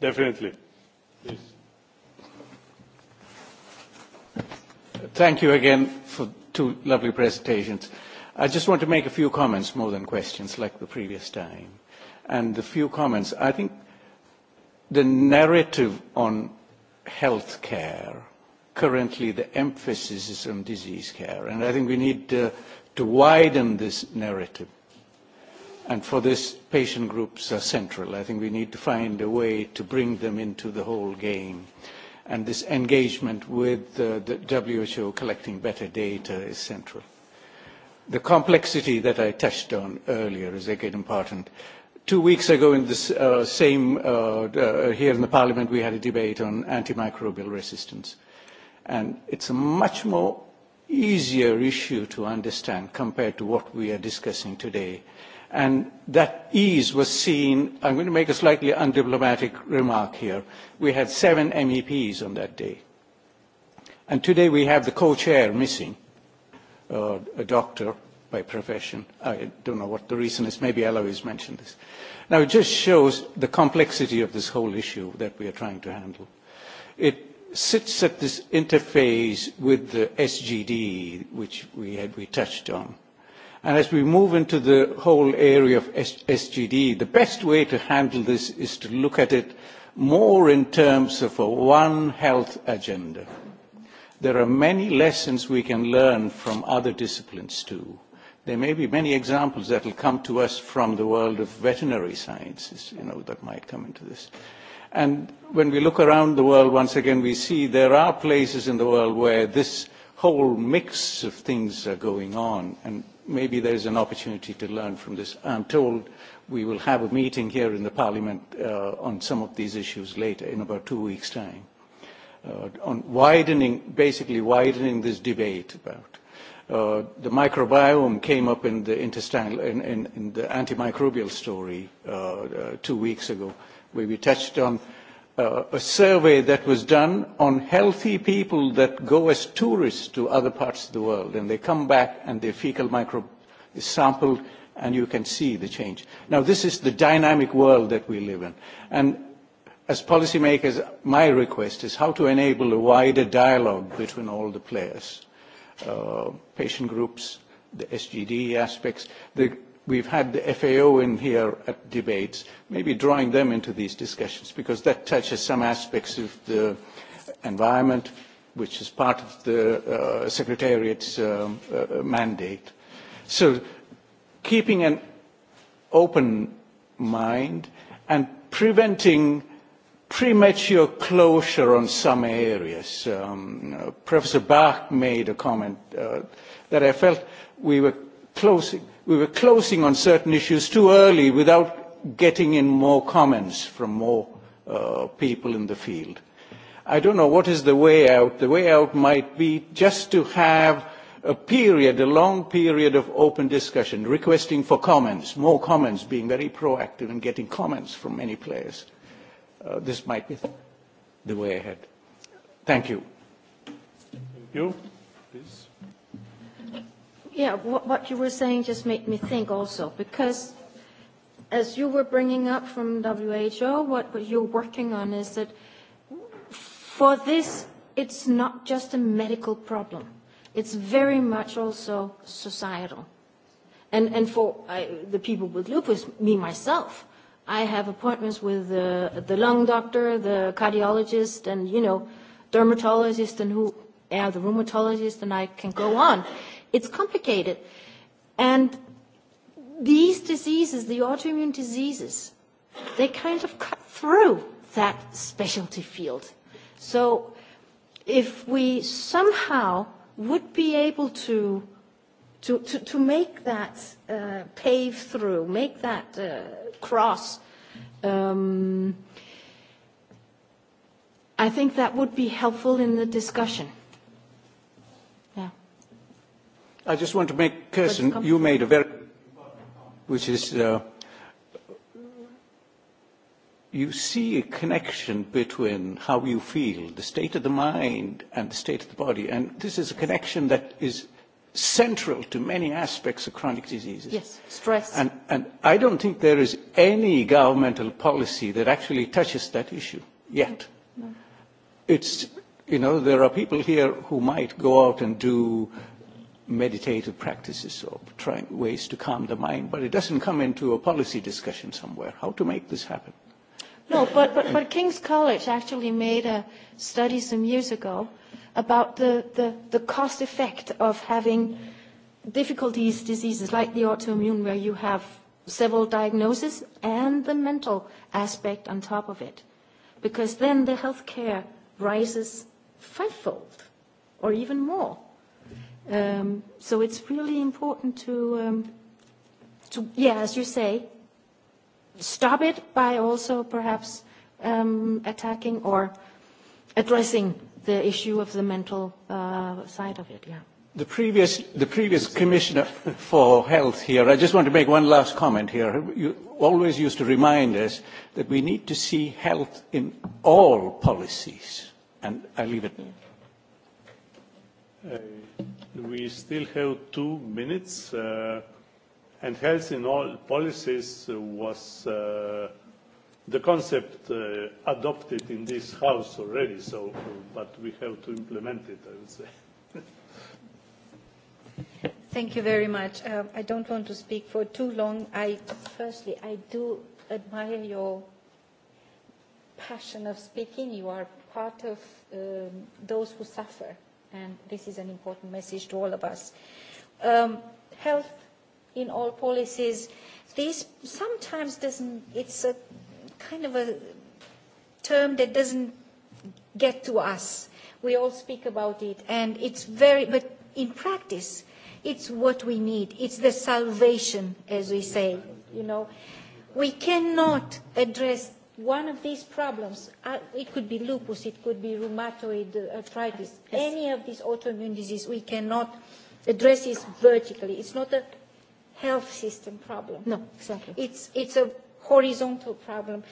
Definitely. Thank you again for two lovely presentations. I just want to make a few comments more than questions like the previous time. And the few comments, I think the narrative on health care, currently the emphasis is on disease care, and I think we need to widen this narrative. And for this, patient groups are central. I think we need to find a way to bring them into the whole game. And this engagement with the WHO collecting better data is central. The complexity that I touched on earlier is again important. Two weeks ago in this same here in the Parliament we had a debate on antimicrobial resistance. And it's a much more easier issue to understand compared to what we are discussing today. And that ease was seen, I'm going to make a slightly undiplomatic remark here. We had seven MEPs on that day. And today we have the co-chair missing, a doctor by profession. I don't know what the reason is. Maybe Eloise mentioned this. Now, it just shows the complexity of this whole issue that we are trying to handle. It sits at this interface with the SGD, which we had we touched on. And as we move into the whole area of SGD, the best way to handle this is to look at it more in terms of a one health agenda. There are many lessons we can learn from other disciplines too. There may be many examples that will come to us from the world of veterinary sciences, you know, that might come into this. And when we look around the world, once again, we see there are places in the world where this whole mix of things are going on, and maybe there is an opportunity to learn from this. I'm told we will have a meeting here in the Parliament on some of these issues later, in about two weeks' time, on widening, basically widening this debate about the microbiome came up in the intestinal in the antimicrobial story two weeks ago, where we touched on a survey that was done on healthy people that go as tourists to other parts of the world, and they come back and their fecal microbe is sampled, and you can see the change. Now, this is the dynamic world that we live in. And as policymakers, my request is how to enable a wider dialogue between all the players patient groups, the SGD aspects. We've had the FAO in here at debates, maybe drawing them into these discussions because that touches some aspects of the environment, which is part of the Secretariat's mandate. So keeping an open mind and preventing premature closure on some areas. Professor Bach made a comment that I felt we were closing we were closing on certain issues too early without getting in more comments from more people in the field. I don't know what is the way out. The way out might be just to have a period, a long period of open discussion, requesting for comments, more comments, being very proactive and getting comments from many players this might be the way ahead. Thank you. Thank you. Please. Yeah, what you were saying just made me think also, because as you were bringing up from WHO, what you're working on is that for this, it's not just a medical problem. It's very much also societal. And, and for the people with lupus, me myself, I have appointments with the, lung doctor, the cardiologist, and, you know, dermatologist and who, yeah, the rheumatologist, and I can go on. It's complicated. And these diseases, the autoimmune diseases, they kind of cut through that specialty field. So if we somehow would be able to, to, to, make that pave through, make that cross. I think that would be helpful in the discussion. Yeah. I just want to make, Kirsten, you made a very, which is, you see a connection between how you feel, the state of the mind, and the state of the body, and this is a connection that is central to many aspects of chronic diseases. Yes, stress. And, and I don't think there is any governmental policy that actually touches that issue yet. It's, you know, there are people here who might go out and do meditative practices or trying ways to calm the mind, but it doesn't come into a policy discussion somewhere. How to make this happen? No, but, but, but King's College actually made a study some years ago about the the cost effect of having difficulties, diseases like the autoimmune, where you have several diagnoses and the mental aspect on top of it, because then the healthcare rises fivefold or even more. So it's really important to, to yeah, as you say, stop it by also perhaps attacking or addressing the issue of the mental side of it. Yeah. The previous, the previous commissioner for health here, I just want to make one last comment here. You always used to remind us that we need to see health in all policies. And I leave it. We still have two minutes. And health in all policies was The concept adopted in this House already, so but we have to implement it, I would say. Thank you very much. I don't want to speak for too long. I firstly, I do admire your passion of speaking. You are part of those who suffer, and this is an important message to all of us. Health in all policies. This sometimes doesn't. It's a kind of a term that doesn't get to us. We all speak about it, and it's very, but in practice, it's what we need. It's the salvation, as we say. You know, we cannot address one of these problems. It could be lupus, it could be rheumatoid arthritis, any of these autoimmune diseases. We cannot address this vertically. It's not a health system problem. No, exactly. It's it's a horizontal problem.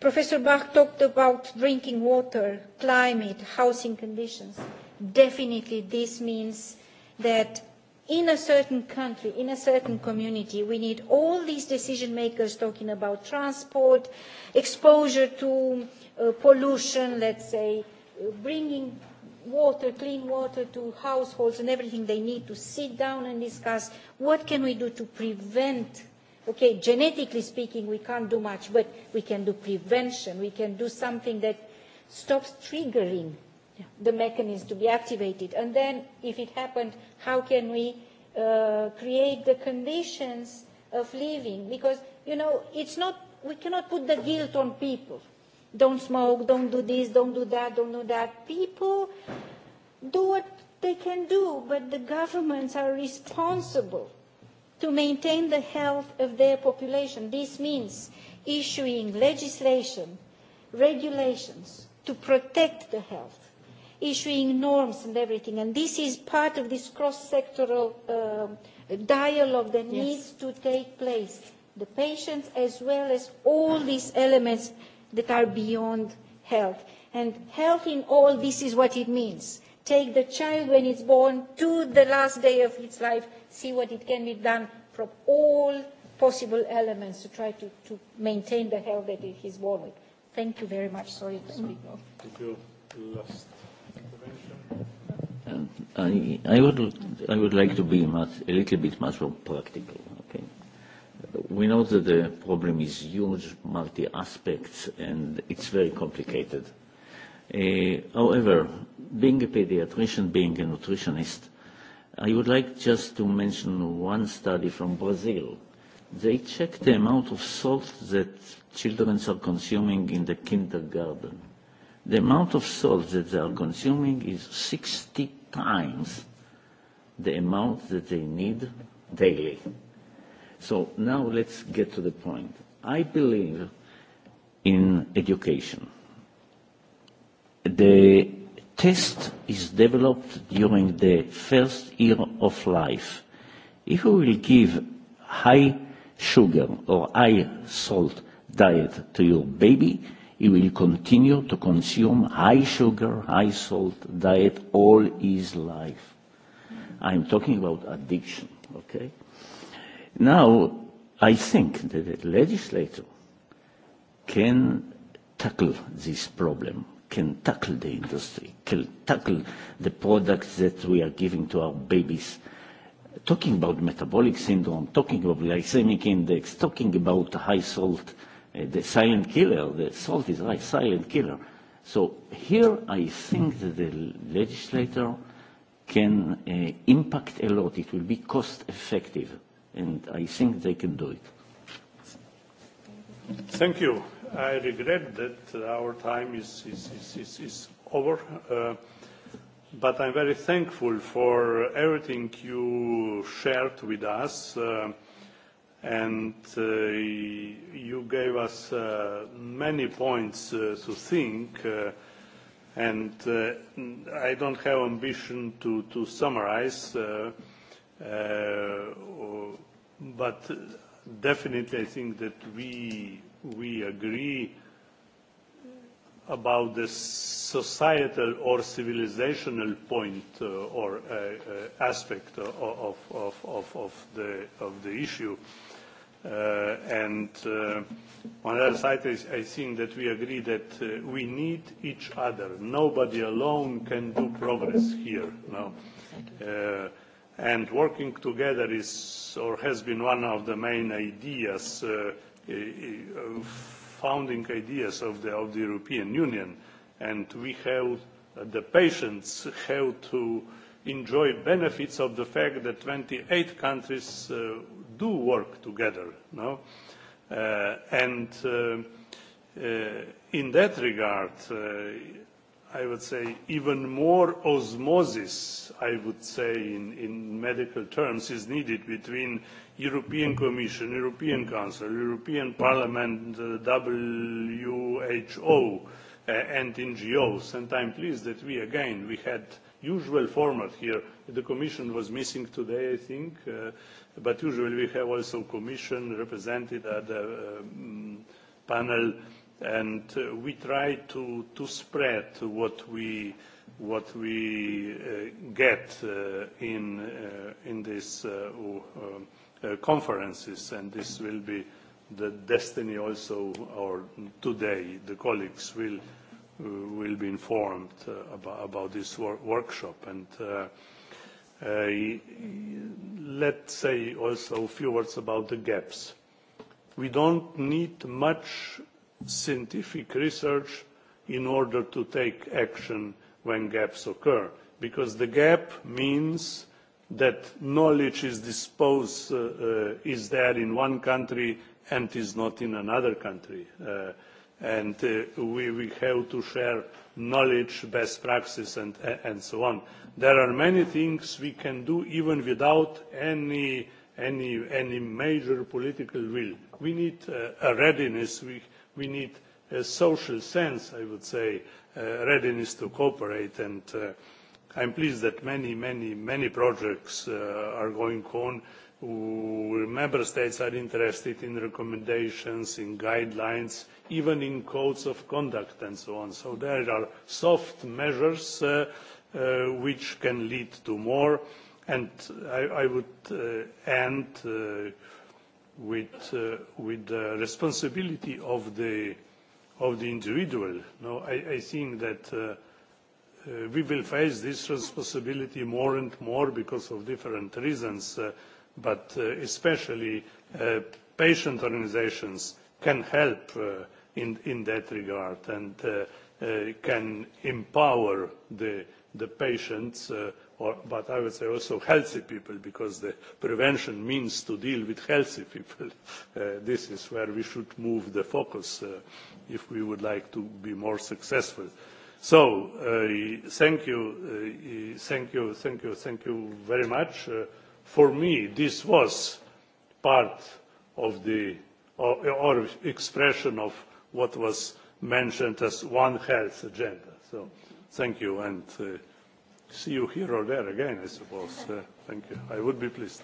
Professor Bach talked about drinking water, climate, housing conditions. Definitely this means that in a certain country, in a certain community, we need all these decision makers talking about transport, exposure to pollution, let's say, bringing water, clean water to households and everything they need to sit down and discuss what can we do to prevent Okay, genetically speaking, we can't do much, but we can do prevention. We can do something that stops triggering the mechanism to be activated. And then, if it happened, how can we create the conditions of living? Because, you know, it's not, we cannot put the guilt on people. Don't smoke, don't do this, don't do that, don't do that. People do what they can do, but the governments are responsible to maintain the health of their population. This means issuing legislation, regulations to protect the health, issuing norms and everything. And this is part of this cross-sectoral dialogue that needs to take place. The patients as well as all these elements that are beyond health. And health in all, this is what it means. Take the child when it's born to the last day of its life see what it can be done from all possible elements to try to, to maintain the health that it is born with. Thank you very much. Sorry to speak you last I, I, would, I would like to be a little bit much more practical. Okay? We know that the problem is huge, multi aspects, and it's very complicated. however, being a pediatrician, being a nutritionist, I would like just to mention one study from Brazil. They checked the amount of salt that children are consuming in the kindergarten. The amount of salt that they are consuming is 60 times the amount that they need daily. So now let's get to the point. I believe in education. The test is developed during the first year of life. If you will give high sugar or high salt diet to your baby, he will continue to consume high sugar, high salt diet all his life. I'm talking about addiction, okay? Now, I think that the legislator can tackle this problem can tackle the industry, can tackle the products that we are giving to our babies. Talking about metabolic syndrome, talking about glycemic index, talking about high salt, the silent killer, the salt is a silent killer. So here I think that the legislator can impact a lot. It will be cost effective, and I think they can do it. Thank you. I regret that our time is is over, but I'm very thankful for everything you shared with us, and you gave us many points to think, and I don't have ambition to to summarize, but definitely I think that we we agree about the societal or civilizational point or aspect of of of of the of the issue and on the other side I think that we agree that we need each other nobody alone can do progress here now and working together is or has been one of the main ideas founding ideas of the of the European Union, and we have the patients have to enjoy benefits of the fact that 28 countries do work together. And in that regard, I would say, even more osmosis, I would say, in medical terms, is needed between European Commission, European Council, European Parliament, WHO, and NGOs. And I'm pleased that we, again, we had usual format here. The Commission was missing today, I think, but usually we have also Commission represented at the panel and we try to to spread what we what we get in in these conferences and this will be the destiny also or today the colleagues will will be informed about this workshop and let's say also a few words about the gaps we don't need much scientific research in order to take action when gaps occur. Because the gap means that knowledge is disposed, is there in one country and is not in another country. And we have to share knowledge, best practices and so on. There are many things we can do even without any major political will. We need a readiness we need a social sense, I would say, readiness to cooperate. And am pleased that many, many, many projects are going on. Member states are interested in recommendations, in guidelines, even in codes of conduct and so on. So there are soft measures which can lead to more. And I would end with with the responsibility of the of the individual. No, I I think that we will face this responsibility more and more because of different reasons, but especially patient organisations can help in in that regard and can empower the the patients, but I would say also healthy people, because the prevention means to deal with healthy people. This is where we should move the focus if we would like to be more successful. So thank you, thank you, thank you, thank you very much. For me, this was part of the or expression of what was mentioned as One Health agenda. So Thank you, and see you here or there again, I suppose. Thank you. I would be pleased.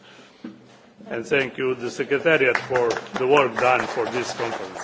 And thank you, the Secretariat, for the work done for this conference.